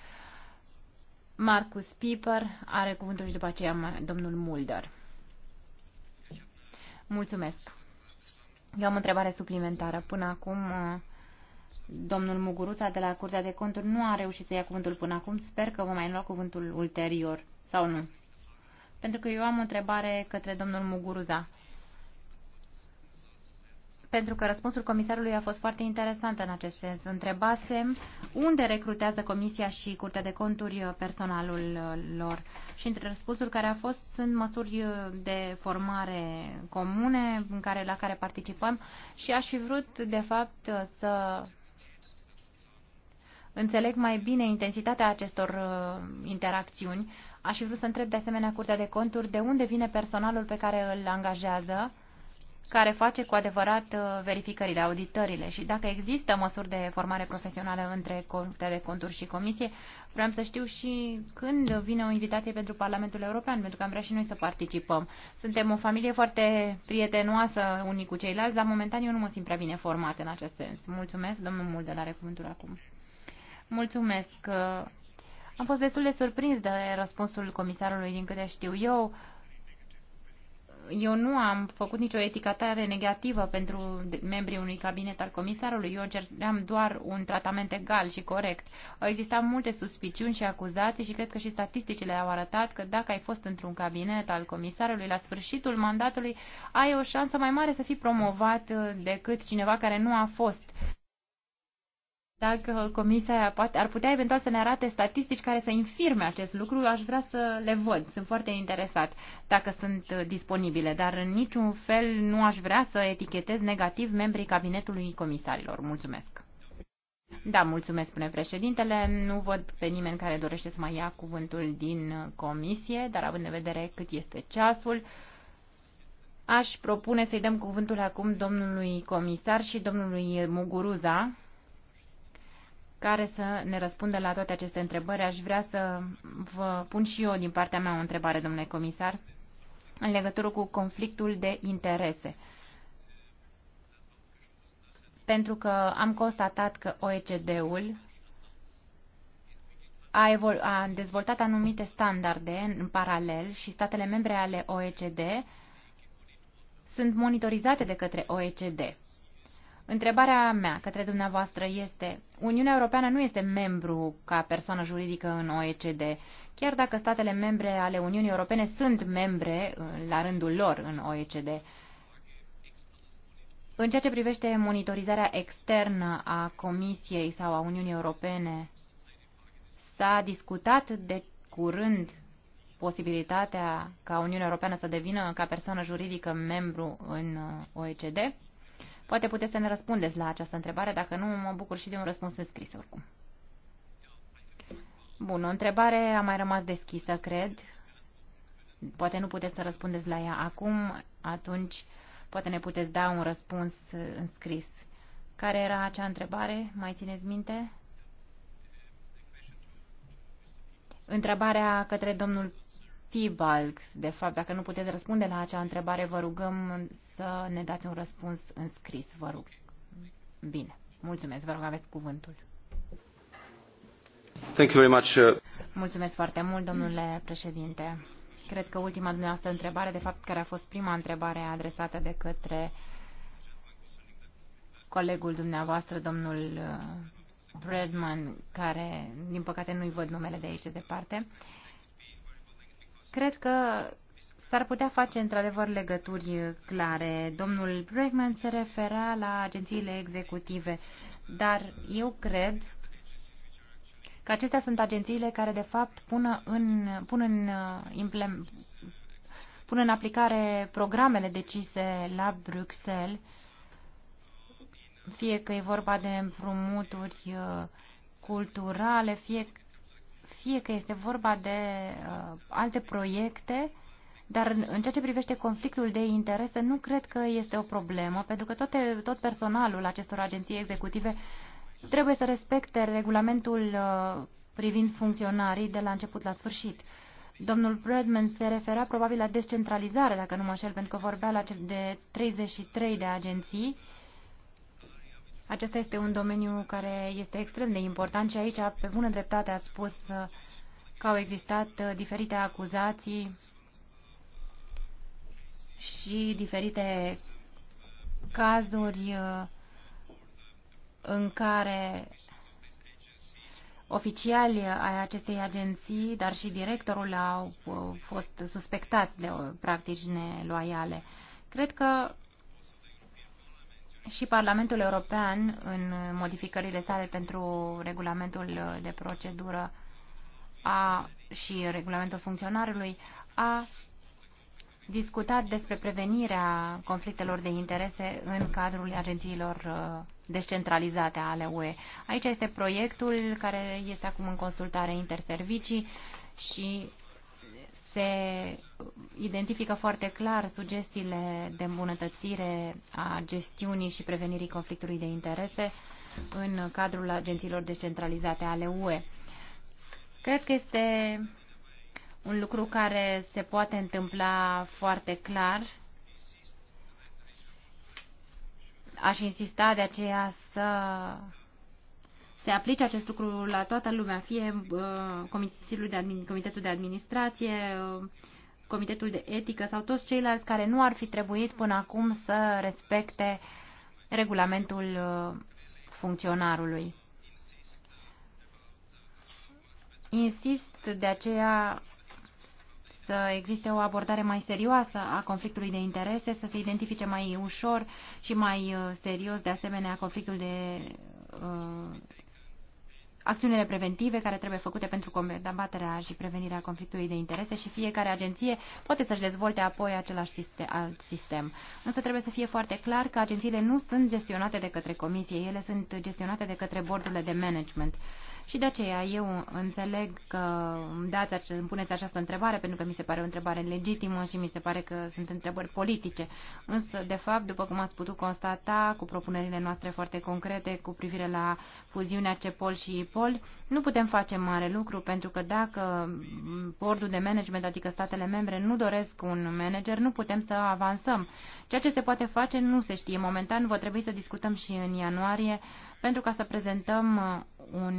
Marcus Piper are cuvântul și după aceea domnul Mulder. Mulțumesc! Eu am o întrebare suplimentară. Până acum, uh, domnul Muguruța de la Curtea de Conturi nu a reușit să ia cuvântul până acum. Sper că vă mai lua cuvântul ulterior, sau nu? Pentru că eu am o întrebare către domnul Muguruza pentru că răspunsul comisarului a fost foarte interesant în acest sens. Întrebasem unde recrutează Comisia și Curtea de Conturi uh, personalul uh, lor și între răspunsul care a fost sunt măsuri uh, de formare comune în care, la care participăm și aș fi vrut, de fapt, să înțeleg mai bine intensitatea acestor interacțiuni. Aș fi vrut să întreb, de asemenea, Curtea de Conturi de unde vine personalul pe care îl angajează care face cu adevărat uh, verificările, auditările și dacă există măsuri de formare profesională între Curtea Conturi și Comisie, vreau să știu și când vine o invitație pentru Parlamentul European, pentru că am vrea și noi să participăm. Suntem o familie foarte prietenoasă unii cu ceilalți, dar momentan eu nu mă simt prea bine format în acest sens. Mulțumesc, domnul Mulder la cuvântul acum. Mulțumesc. Am fost destul de surprins de răspunsul comisarului, din câte știu eu eu nu am făcut nicio etichetare negativă pentru membrii unui cabinet al comisarului. Eu încercam doar un tratament egal și corect. Au existat multe suspiciuni și acuzații și cred că și statisticile au arătat că dacă ai fost într-un cabinet al comisarului la sfârșitul mandatului, ai o șansă mai mare să fii promovat uh, decât cineva care nu a fost dacă comisia poate, ar putea eventual să ne arate statistici care să infirme acest lucru, aș vrea să le văd. Sunt foarte interesat dacă sunt disponibile, dar în niciun fel nu aș vrea să etichetez negativ membrii cabinetului comisarilor. Mulțumesc. Da, mulțumesc, spune președintele. Nu văd pe nimeni care dorește să mai ia cuvântul din comisie, dar având în vedere cât este ceasul, aș propune să-i dăm cuvântul acum domnului comisar și domnului Muguruza, care să ne răspundă la toate aceste întrebări. Aș vrea să vă pun și eu din partea mea o întrebare, domnule comisar, în legătură cu conflictul de interese. Pentru că am constatat că OECD-ul a, evol- a dezvoltat anumite standarde în paralel și statele membre ale OECD sunt monitorizate de către OECD. Întrebarea mea către dumneavoastră este, Uniunea Europeană nu este membru ca persoană juridică în OECD, chiar dacă statele membre ale Uniunii Europene sunt membre uh, la rândul lor în OECD. În ceea ce privește monitorizarea externă a Comisiei sau a Uniunii Europene, s-a discutat de curând posibilitatea ca Uniunea Europeană să devină ca persoană juridică membru în uh, OECD? Poate puteți să ne răspundeți la această întrebare, dacă nu, mă bucur și de un răspuns în scris oricum. Bun, o întrebare a mai rămas deschisă, cred. Poate nu puteți să răspundeți la ea acum, atunci poate ne puteți da un răspuns în scris. Care era acea întrebare? Mai țineți minte? Întrebarea către domnul Tibalx. De fapt, dacă nu puteți răspunde la acea întrebare, vă rugăm să ne dați un răspuns în scris, vă rog. Bine, mulțumesc, vă rog, aveți cuvântul. Thank you very much. Uh, mulțumesc foarte mult, domnule președinte. Cred că ultima dumneavoastră întrebare, de fapt, care a fost prima întrebare adresată de către colegul dumneavoastră, domnul uh, Bredman, care, din păcate, nu-i văd numele de aici de departe, uh, Cred că s-ar putea face într-adevăr legături clare. Domnul Bregman se refera la agențiile executive, dar eu cred că acestea sunt agențiile care de fapt pun în, pun în, uh, pun în aplicare programele decise la Bruxelles, fie că e vorba de împrumuturi uh, culturale, fie fie că este vorba de uh, alte proiecte, dar în, în ceea ce privește conflictul de interese, nu cred că este o problemă, pentru că toate, tot personalul acestor agenții executive trebuie să respecte regulamentul uh, privind funcționarii de la început la sfârșit. Domnul Bradman se refera probabil la descentralizare, dacă nu mă șel, pentru că vorbea la de 33 de agenții. Uh, acesta este un domeniu care este extrem de important și aici, pe bună dreptate, a spus uh, că au existat uh, diferite acuzații și diferite cazuri uh, în care oficiali ai acestei agenții, dar și directorul au fost suspectați de practici neloiale. Cred că și Parlamentul European, în modificările sale pentru regulamentul de procedură a, și regulamentul funcționarului, a discutat despre prevenirea conflictelor de interese în cadrul agențiilor uh, descentralizate ale UE. Aici este proiectul care este acum în consultare interservicii și se identifică foarte clar sugestiile de îmbunătățire a gestiunii și prevenirii conflictului de interese în cadrul agențiilor descentralizate ale UE. Cred că este un lucru care se poate întâmpla foarte clar. Aș insista de aceea să se aplice acest lucru la toată lumea, fie uh, comitetul de, comitetul de administrație, uh, comitetul de etică sau toți ceilalți care nu ar fi trebuit până acum să respecte regulamentul uh, funcționarului. Insist de aceea să existe o abordare mai serioasă a conflictului de interese, să se identifice mai ușor și mai serios de asemenea conflictul de uh, acțiunile preventive care trebuie făcute pentru combaterea și prevenirea conflictului de interese și fiecare agenție poate să-și dezvolte apoi același alt sistem. Însă trebuie să fie foarte clar că agențiile nu sunt gestionate de către comisie, ele sunt gestionate de către bordurile de management. Și de aceea eu înțeleg că dați, îmi puneți această întrebare, pentru că mi se pare o întrebare legitimă și mi se pare că sunt întrebări politice. Însă, de fapt, după cum ați putut constata, cu propunerile noastre foarte concrete cu privire la fuziunea CEPOL și monopol, nu putem face mare lucru, pentru că dacă bordul de management, adică statele membre, nu doresc un manager, nu putem să avansăm. Ceea ce se poate face nu se știe. Momentan vă trebui să discutăm și în ianuarie, pentru ca să prezentăm un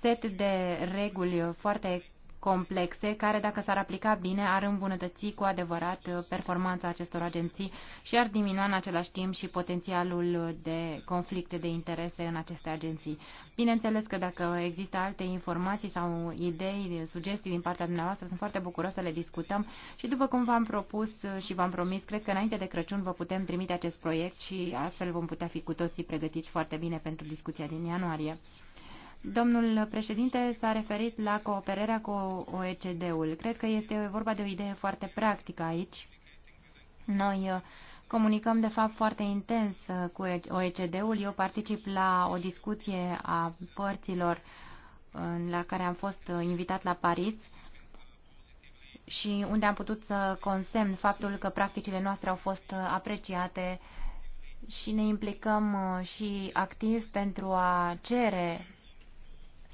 set de reguli foarte complexe, care, dacă s-ar aplica bine, ar îmbunătăți cu adevărat uh, performanța acestor agenții și ar diminua în același timp și potențialul de conflicte de interese în aceste agenții. Bineînțeles că dacă există alte informații sau idei, sugestii din partea dumneavoastră, sunt foarte bucuros să le discutăm și după cum v-am propus uh, și v-am promis, cred că înainte de Crăciun vă putem trimite acest proiect și astfel vom putea fi cu toții pregătiți foarte bine pentru discuția din ianuarie. Domnul președinte s-a referit la cooperarea cu OECD-ul. Cred că este vorba de o idee foarte practică aici. Noi uh, comunicăm, de fapt, foarte intens uh, cu OECD-ul. Eu particip la o discuție a părților la care am fost uh, invitat la Paris și unde am putut să consemn faptul că practicile noastre au fost apreciate și ne implicăm și activ pentru a cere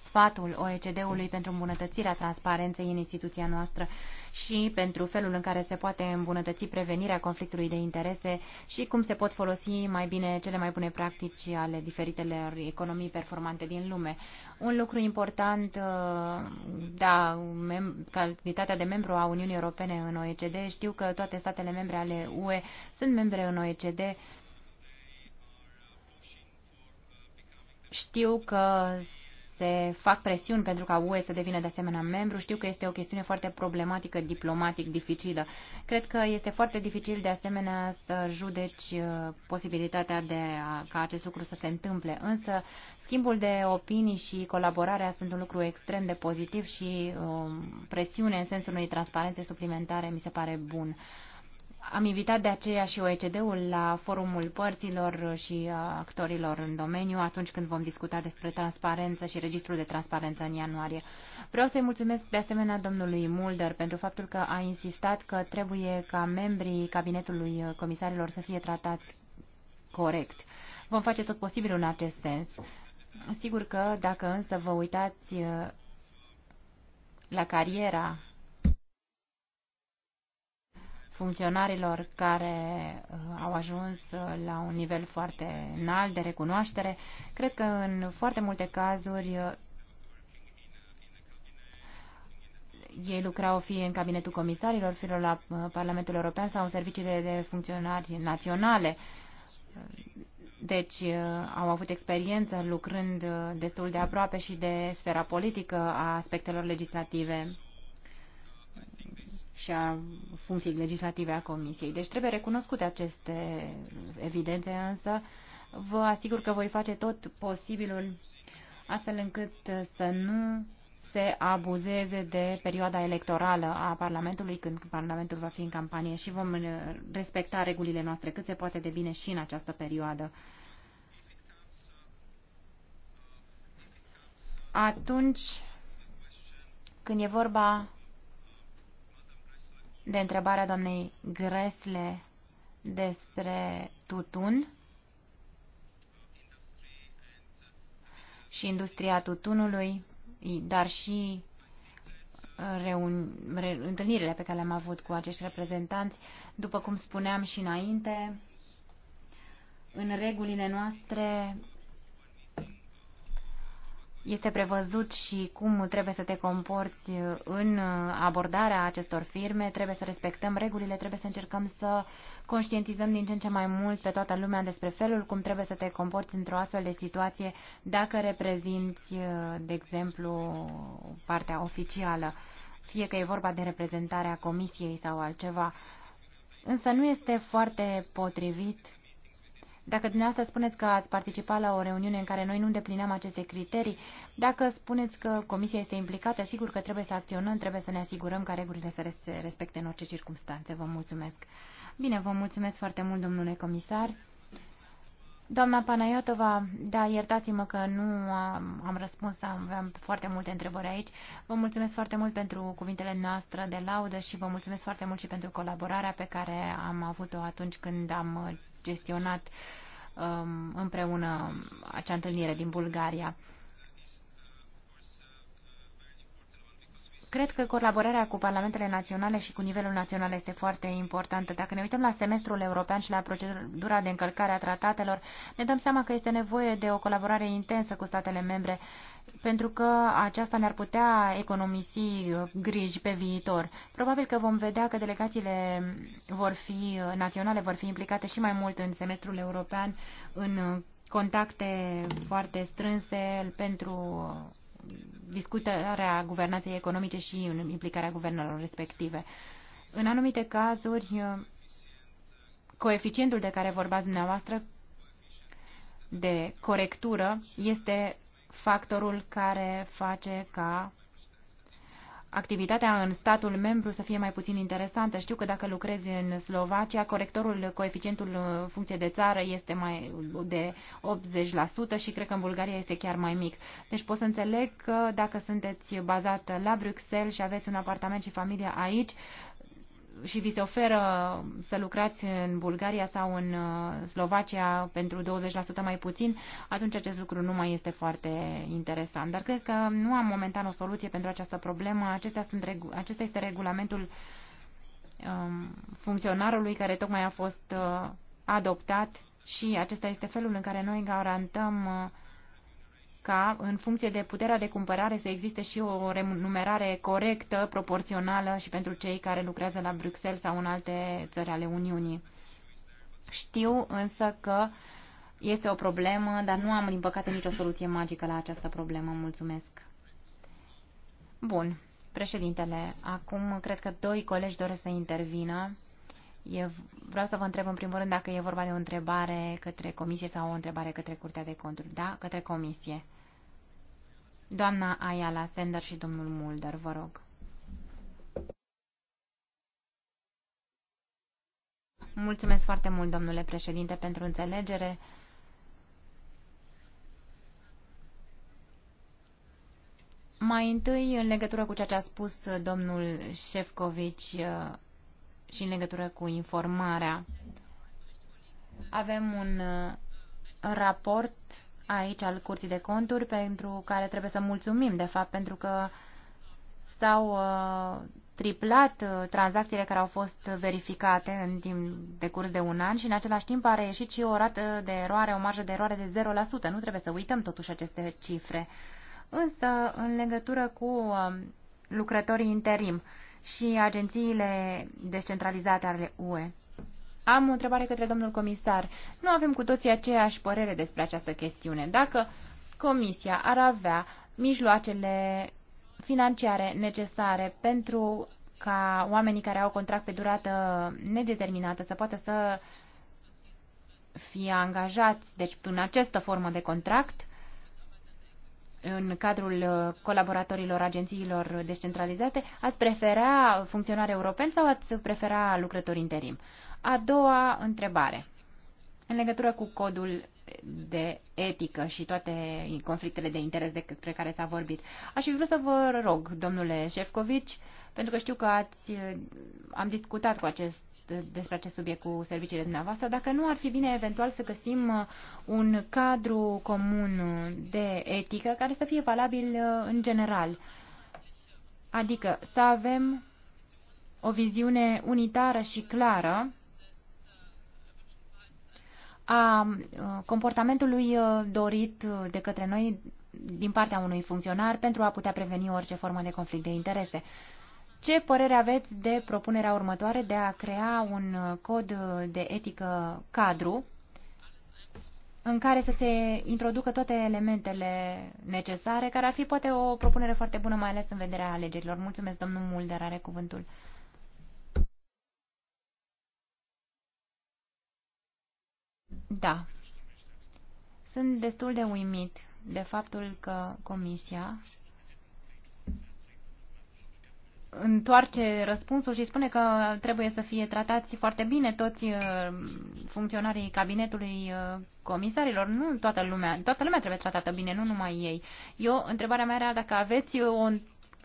sfatul OECD-ului pentru îmbunătățirea transparenței în instituția noastră și pentru felul în care se poate îmbunătăți prevenirea conflictului de interese și cum se pot folosi mai bine cele mai bune practici ale diferitelor economii performante din lume. Un lucru important, uh, da, calitatea de membru a Uniunii Europene în OECD, știu că toate statele membre ale UE sunt membre în OECD, știu că se fac presiuni pentru ca UE să devină de asemenea membru. Știu că este o chestiune foarte problematică, diplomatic, dificilă. Cred că este foarte dificil de asemenea să judeci uh, posibilitatea de a, ca acest lucru să se întâmple. Însă schimbul de opinii și colaborarea sunt un lucru extrem de pozitiv și um, presiune în sensul unei transparențe suplimentare mi se pare bun. Uh, am invitat de aceea și OECD-ul la forumul părților și actorilor în domeniu atunci când vom discuta despre transparență și registrul de transparență în ianuarie. Vreau să-i mulțumesc de asemenea domnului Mulder pentru faptul că a insistat că trebuie ca membrii cabinetului comisarilor să fie tratați corect. Vom face tot posibilul în acest sens. Sigur că dacă însă vă uitați uh, la cariera funcționarilor care uh, au ajuns uh, la un nivel foarte înalt de recunoaștere. Cred că în foarte multe cazuri uh, ei lucrau fie în cabinetul comisarilor, fie la Parlamentul European sau în serviciile de funcționari naționale. Deci au avut experiență lucrând destul de aproape și de sfera politică a aspectelor legislative și a funcției legislative a Comisiei. Deci trebuie recunoscute aceste evidențe, însă vă asigur că voi face tot posibilul astfel încât să nu se abuzeze de perioada electorală a Parlamentului când Parlamentul va fi în campanie și vom respecta regulile noastre cât se poate de bine și în această perioadă. Atunci când e vorba de întrebarea doamnei Gresle despre tutun și industria tutunului, dar și uh, întâlnirile pe care le-am avut cu acești reprezentanți. După cum spuneam și înainte, în regulile noastre este prevăzut și cum trebuie să te comporți în abordarea acestor firme, trebuie să respectăm regulile, trebuie să încercăm să conștientizăm din ce în ce mai mult pe toată lumea despre felul cum trebuie să te comporți într-o astfel de situație dacă reprezinți, de exemplu, partea oficială, fie că e vorba de reprezentarea comisiei sau altceva. Însă nu este foarte potrivit dacă dumneavoastră spuneți că ați participat la o reuniune în care noi nu îndeplineam aceste criterii, dacă spuneți că comisia este implicată, sigur că trebuie să acționăm, trebuie să ne asigurăm ca regulile să se respecte în orice circunstanțe. Vă mulțumesc. Bine, vă mulțumesc foarte mult, domnule comisar. Doamna Panaiotova, da, iertați-mă că nu am, am răspuns, aveam foarte multe întrebări aici. Vă mulțumesc foarte mult pentru cuvintele noastre de laudă și vă mulțumesc foarte mult și pentru colaborarea pe care am avut-o atunci când am gestionat um, împreună acea întâlnire din Bulgaria. Cred că colaborarea cu parlamentele naționale și cu nivelul național este foarte importantă. Dacă ne uităm la semestrul european și la procedura de încălcare a tratatelor, ne dăm seama că este nevoie de o colaborare intensă cu statele membre pentru că aceasta ne-ar putea economisi uh, griji pe viitor. Probabil că vom vedea că delegațiile vor fi, uh, naționale vor fi implicate și mai mult în semestrul european, în uh, contacte foarte strânse pentru discutarea guvernanței economice și în implicarea guvernelor respective. În anumite cazuri, coeficientul de care vorbați dumneavoastră de corectură este factorul care face ca activitatea în statul membru să fie mai puțin interesantă. Știu că dacă lucrezi în Slovacia, corectorul, coeficientul în funcție de țară este mai de 80% și cred că în Bulgaria este chiar mai mic. Deci pot să înțeleg că dacă sunteți bazat la Bruxelles și aveți un apartament și familia aici, și vi se oferă să lucrați în Bulgaria sau în uh, Slovacia pentru 20% mai puțin, atunci acest lucru nu mai este foarte interesant. Dar cred că nu am momentan o soluție pentru această problemă. Acestea sunt, acesta este regulamentul um, funcționarului care tocmai a fost uh, adoptat și acesta este felul în care noi garantăm uh, ca, în funcție de puterea de cumpărare, să existe și o remunerare corectă, proporțională și pentru cei care lucrează la Bruxelles sau în alte țări ale Uniunii. Știu însă că este o problemă, dar nu am, din păcate, nicio soluție magică la această problemă. Mulțumesc. Bun. Președintele, acum cred că doi colegi doresc să intervină. E, vreau să vă întreb în primul rând dacă e vorba de o întrebare către comisie sau o întrebare către Curtea de Conturi. Da? Către comisie. Doamna Ayala Sender și domnul Mulder, vă rog. Mulțumesc foarte mult, domnule președinte, pentru înțelegere. Mai întâi, în legătură cu ceea ce a spus domnul Șefcovici uh, și în legătură cu informarea, avem un uh, raport aici al Curții de Conturi, pentru care trebuie să mulțumim, de fapt, pentru că s-au uh, triplat uh, tranzacțiile care au fost verificate în timp de curs de un an și în același timp a reieșit și o rată de eroare, o marjă de eroare de 0%. Nu trebuie să uităm totuși aceste cifre. Însă, în legătură cu uh, lucrătorii interim și agențiile descentralizate ale UE, am o întrebare către domnul comisar. Nu avem cu toții aceeași părere despre această chestiune. Dacă comisia ar avea mijloacele financiare necesare pentru ca oamenii care au contract pe durată nedeterminată să poată să fie angajați, deci prin această formă de contract, în cadrul uh, colaboratorilor agențiilor descentralizate, ați prefera funcționari europeni sau ați prefera lucrători interim? A doua întrebare. În legătură cu codul de etică și toate conflictele de interes despre care s-a vorbit. Aș fi vrut să vă rog, domnule Șefcovici, pentru că știu că ați, am discutat cu acest despre acest subiect cu serviciile dumneavoastră, dacă nu ar fi bine eventual să găsim un cadru comun de etică care să fie valabil în general. Adică să avem o viziune unitară și clară a comportamentului uh, dorit uh, de către noi din partea unui funcționar pentru a putea preveni orice formă de conflict de interese. Ce părere aveți de propunerea următoare de a crea un uh, cod de etică cadru în care să se introducă toate elementele necesare, care ar fi poate o propunere foarte bună, mai ales în vederea alegerilor? Mulțumesc, domnul Mulder, are cuvântul. Da. Sunt destul de uimit de faptul că Comisia întoarce răspunsul și spune că trebuie să fie tratați foarte bine toți uh, funcționarii cabinetului uh, comisarilor. Nu toată lumea, toată lumea trebuie tratată bine, nu numai ei. Eu, întrebarea mea era dacă aveți o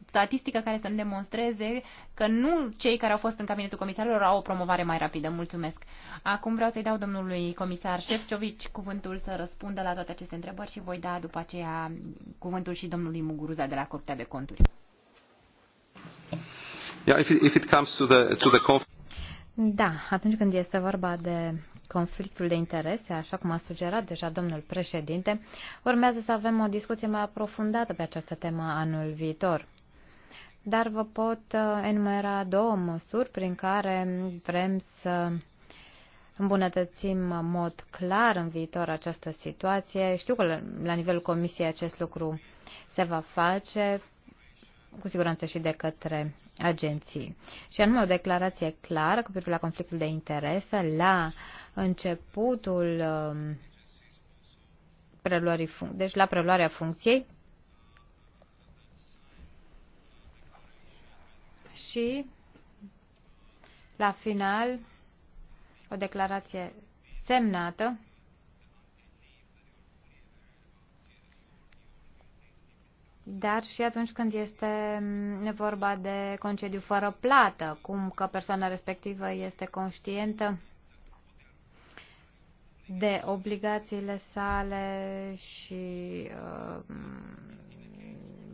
statistică care să-mi demonstreze că nu cei care au fost în cabinetul comisarilor au o promovare mai rapidă. Mulțumesc. Acum vreau să-i dau domnului comisar Șefciovici cuvântul să răspundă la toate aceste întrebări și voi da după aceea cuvântul și domnului Muguruza de la Curtea de Conturi. Yeah, if it, if it comes to the, to the da, atunci când este vorba de conflictul de interese, așa cum a sugerat deja domnul președinte, urmează să avem o discuție mai aprofundată pe această temă anul viitor dar vă pot uh, enumera două măsuri prin care vrem să îmbunătățim în mod clar în viitor această situație. Știu că la nivelul Comisiei acest lucru se va face, cu siguranță și de către agenții. Și anume o declarație clară cu privire la conflictul de interese la începutul um, preluării deci la preluarea funcției și la final o declarație semnată Dar și atunci când este vorba de concediu fără plată, cum că persoana respectivă este conștientă de obligațiile sale și uh,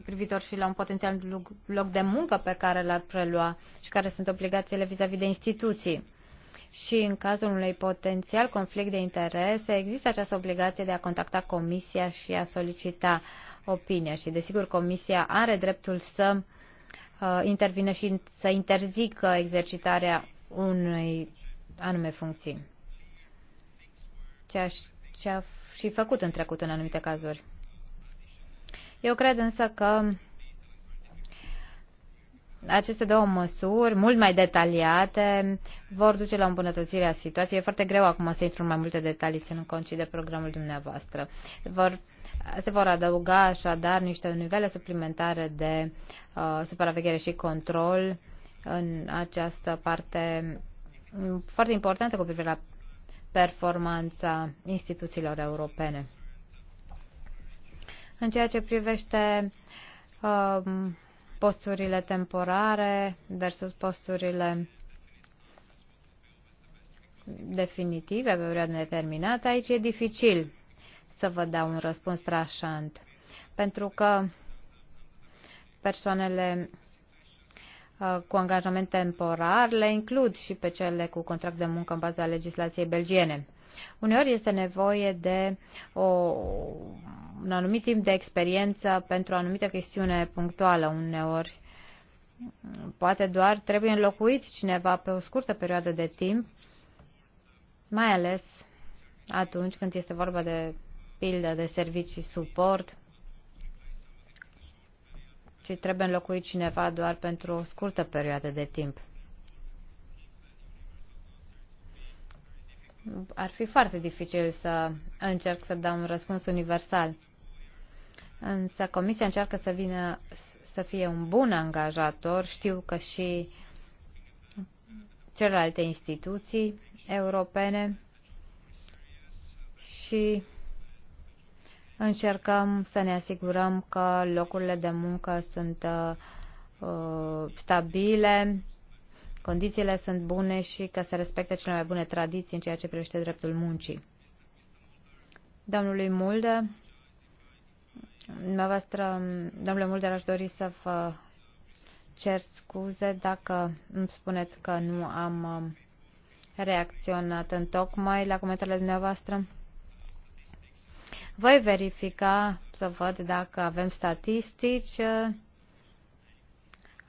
privitor și la un potențial loc de muncă pe care l-ar prelua și care sunt obligațiile vis-a-vis -vis de instituții. Și în cazul unui potențial conflict de interese, există această obligație de a contacta comisia și a solicita opinia. Și desigur, comisia are dreptul să uh, intervină și să interzică exercitarea unei anume funcții. Ceea ce a și făcut în trecut în anumite cazuri. Eu cred însă că aceste două măsuri, mult mai detaliate, vor duce la îmbunătățirea situației. E foarte greu acum să intru în mai multe detalii, să nu concide programul dumneavoastră. Vor, se vor adăuga așadar niște nivele suplimentare de uh, supraveghere și control în această parte foarte importantă cu privire la performanța instituțiilor europene. În ceea ce privește uh, posturile temporare versus posturile definitive, pe vreo determinată, aici e dificil să vă dau un răspuns trașant. Pentru că persoanele uh, cu angajament temporar le includ și pe cele cu contract de muncă în baza legislației belgiene. Uneori este nevoie de o un anumit timp de experiență pentru o anumită chestiune punctuală uneori. Poate doar trebuie înlocuit cineva pe o scurtă perioadă de timp, mai ales atunci când este vorba de pildă de servicii suport, ci trebuie înlocuit cineva doar pentru o scurtă perioadă de timp. Ar fi foarte dificil să încerc să dau un răspuns universal însă Comisia încearcă să vină să fie un bun angajator. Știu că și celelalte instituții europene și încercăm să ne asigurăm că locurile de muncă sunt uh, stabile, condițiile sunt bune și că se respectă cele mai bune tradiții în ceea ce privește dreptul muncii. Domnului Mulde, Dumneavoastră, domnule Mulder, aș dori să vă cer scuze dacă îmi spuneți că nu am um, reacționat în tocmai la comentariile dumneavoastră. Voi verifica să văd dacă avem statistici uh,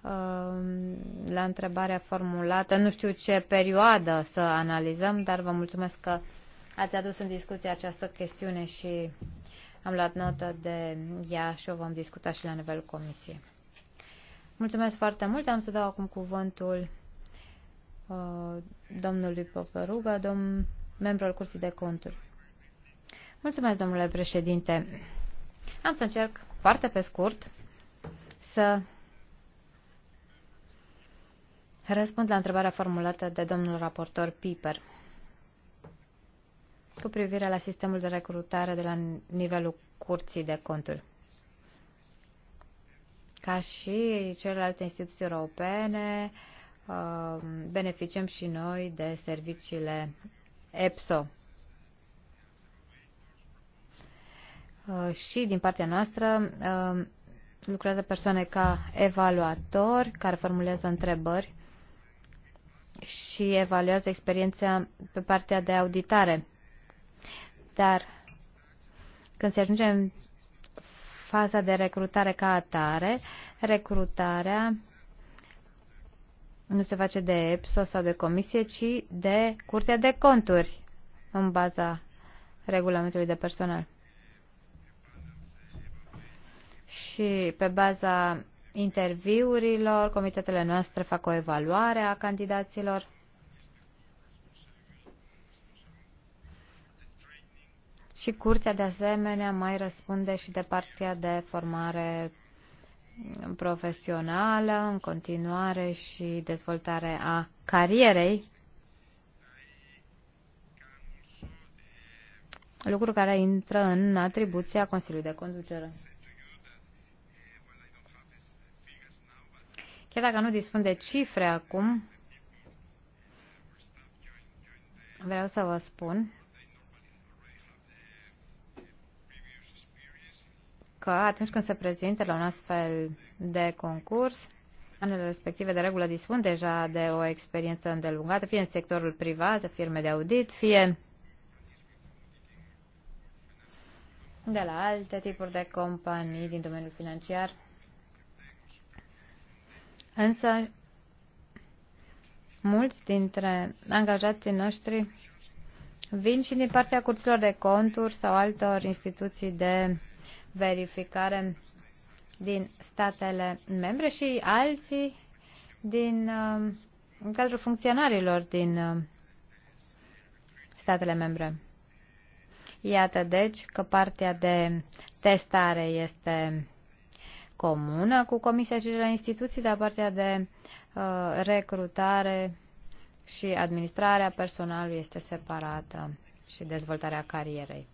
um, la întrebarea formulată. Nu știu ce perioadă să analizăm, dar vă mulțumesc că ați adus în discuție această chestiune și am luat notă de ea și o vom discuta și la nivelul comisiei. Mulțumesc foarte mult. Am să dau acum cuvântul uh, domnului Poperuga, domn, membru al Curții de Conturi. Mulțumesc, domnule președinte. Am să încerc foarte pe scurt să răspund la întrebarea formulată de domnul raportor Piper cu privire la sistemul de recrutare de la nivelul curții de conturi. Ca și celelalte instituții europene, uh, beneficiem și noi de serviciile EPSO. Uh, și din partea noastră uh, lucrează persoane ca evaluatori care formulează întrebări și evaluează experiența pe partea de auditare dar când se ajunge în faza de recrutare ca atare, recrutarea nu se face de EPSO sau de comisie, ci de Curtea de Conturi în baza regulamentului de personal. Și pe baza interviurilor, comitetele noastre fac o evaluare a candidaților. Și curtea de asemenea mai răspunde și de partea de formare profesională, în continuare și dezvoltare a carierei, lucru care intră în atribuția Consiliului de Conducere. Chiar dacă nu dispun de cifre acum, vreau să vă spun că atunci când se prezintă la un astfel de concurs, anele respective de regulă dispun deja de o experiență îndelungată, fie în sectorul privat, firme de audit, fie de la alte tipuri de companii din domeniul financiar. Însă, mulți dintre angajații noștri vin și din partea curților de conturi sau altor instituții de verificare din statele membre și alții din um, în cadrul funcționarilor din um, statele membre. Iată deci că partea de testare este comună cu Comisia și la instituții, dar partea de uh, recrutare și administrarea personalului este separată și dezvoltarea carierei.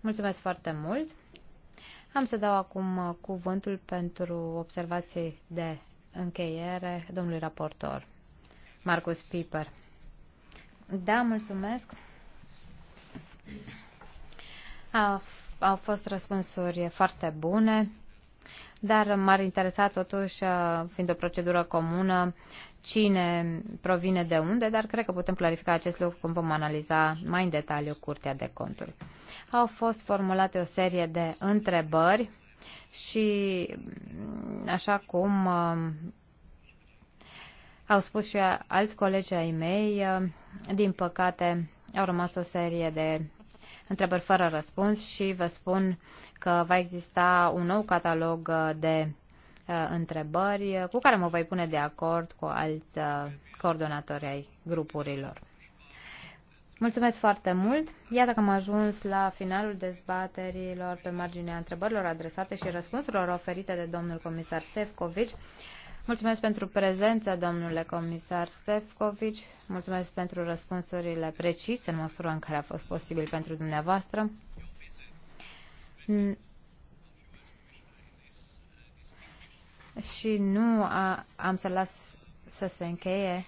Mulțumesc foarte mult! Am să dau acum uh, cuvântul pentru observații de încheiere domnului raportor, Marcus Piper. Da, mulțumesc. A, au fost răspunsuri foarte bune, dar m-ar interesa totuși, uh, fiind o procedură comună, cine provine de unde, dar cred că putem clarifica acest lucru când vom analiza mai în detaliu Curtea de Conturi. Au fost formulate o serie de întrebări și așa cum uh, au spus și alți colegi ai mei, uh, din păcate au rămas o serie de întrebări fără răspuns și vă spun că va exista un nou catalog uh, de Uh, întrebări uh, cu care mă voi pune de acord cu alți uh, coordonatori ai grupurilor. Mulțumesc foarte mult! Iată că am ajuns la finalul dezbaterilor pe marginea întrebărilor adresate și răspunsurilor oferite de domnul comisar Sefcovic. Mulțumesc pentru prezența, domnule comisar Sefcovic. Mulțumesc pentru răspunsurile precise în măsura în care a fost posibil pentru dumneavoastră. și nu a, am să las să se încheie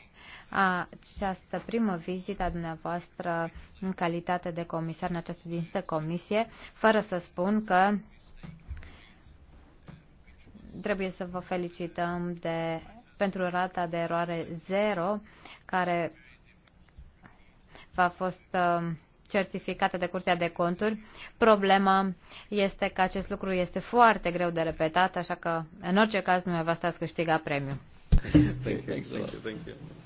această primă vizită a dumneavoastră în calitate de comisar în această dinstă comisie, fără să spun că trebuie să vă felicităm de, pentru rata de eroare zero care v-a fost uh, certificate de Curtea de Conturi. Problema este că acest lucru este foarte greu de repetat, așa că, în orice caz, dumneavoastră ați câștigat premiul. Thank you. Thank you. Thank you.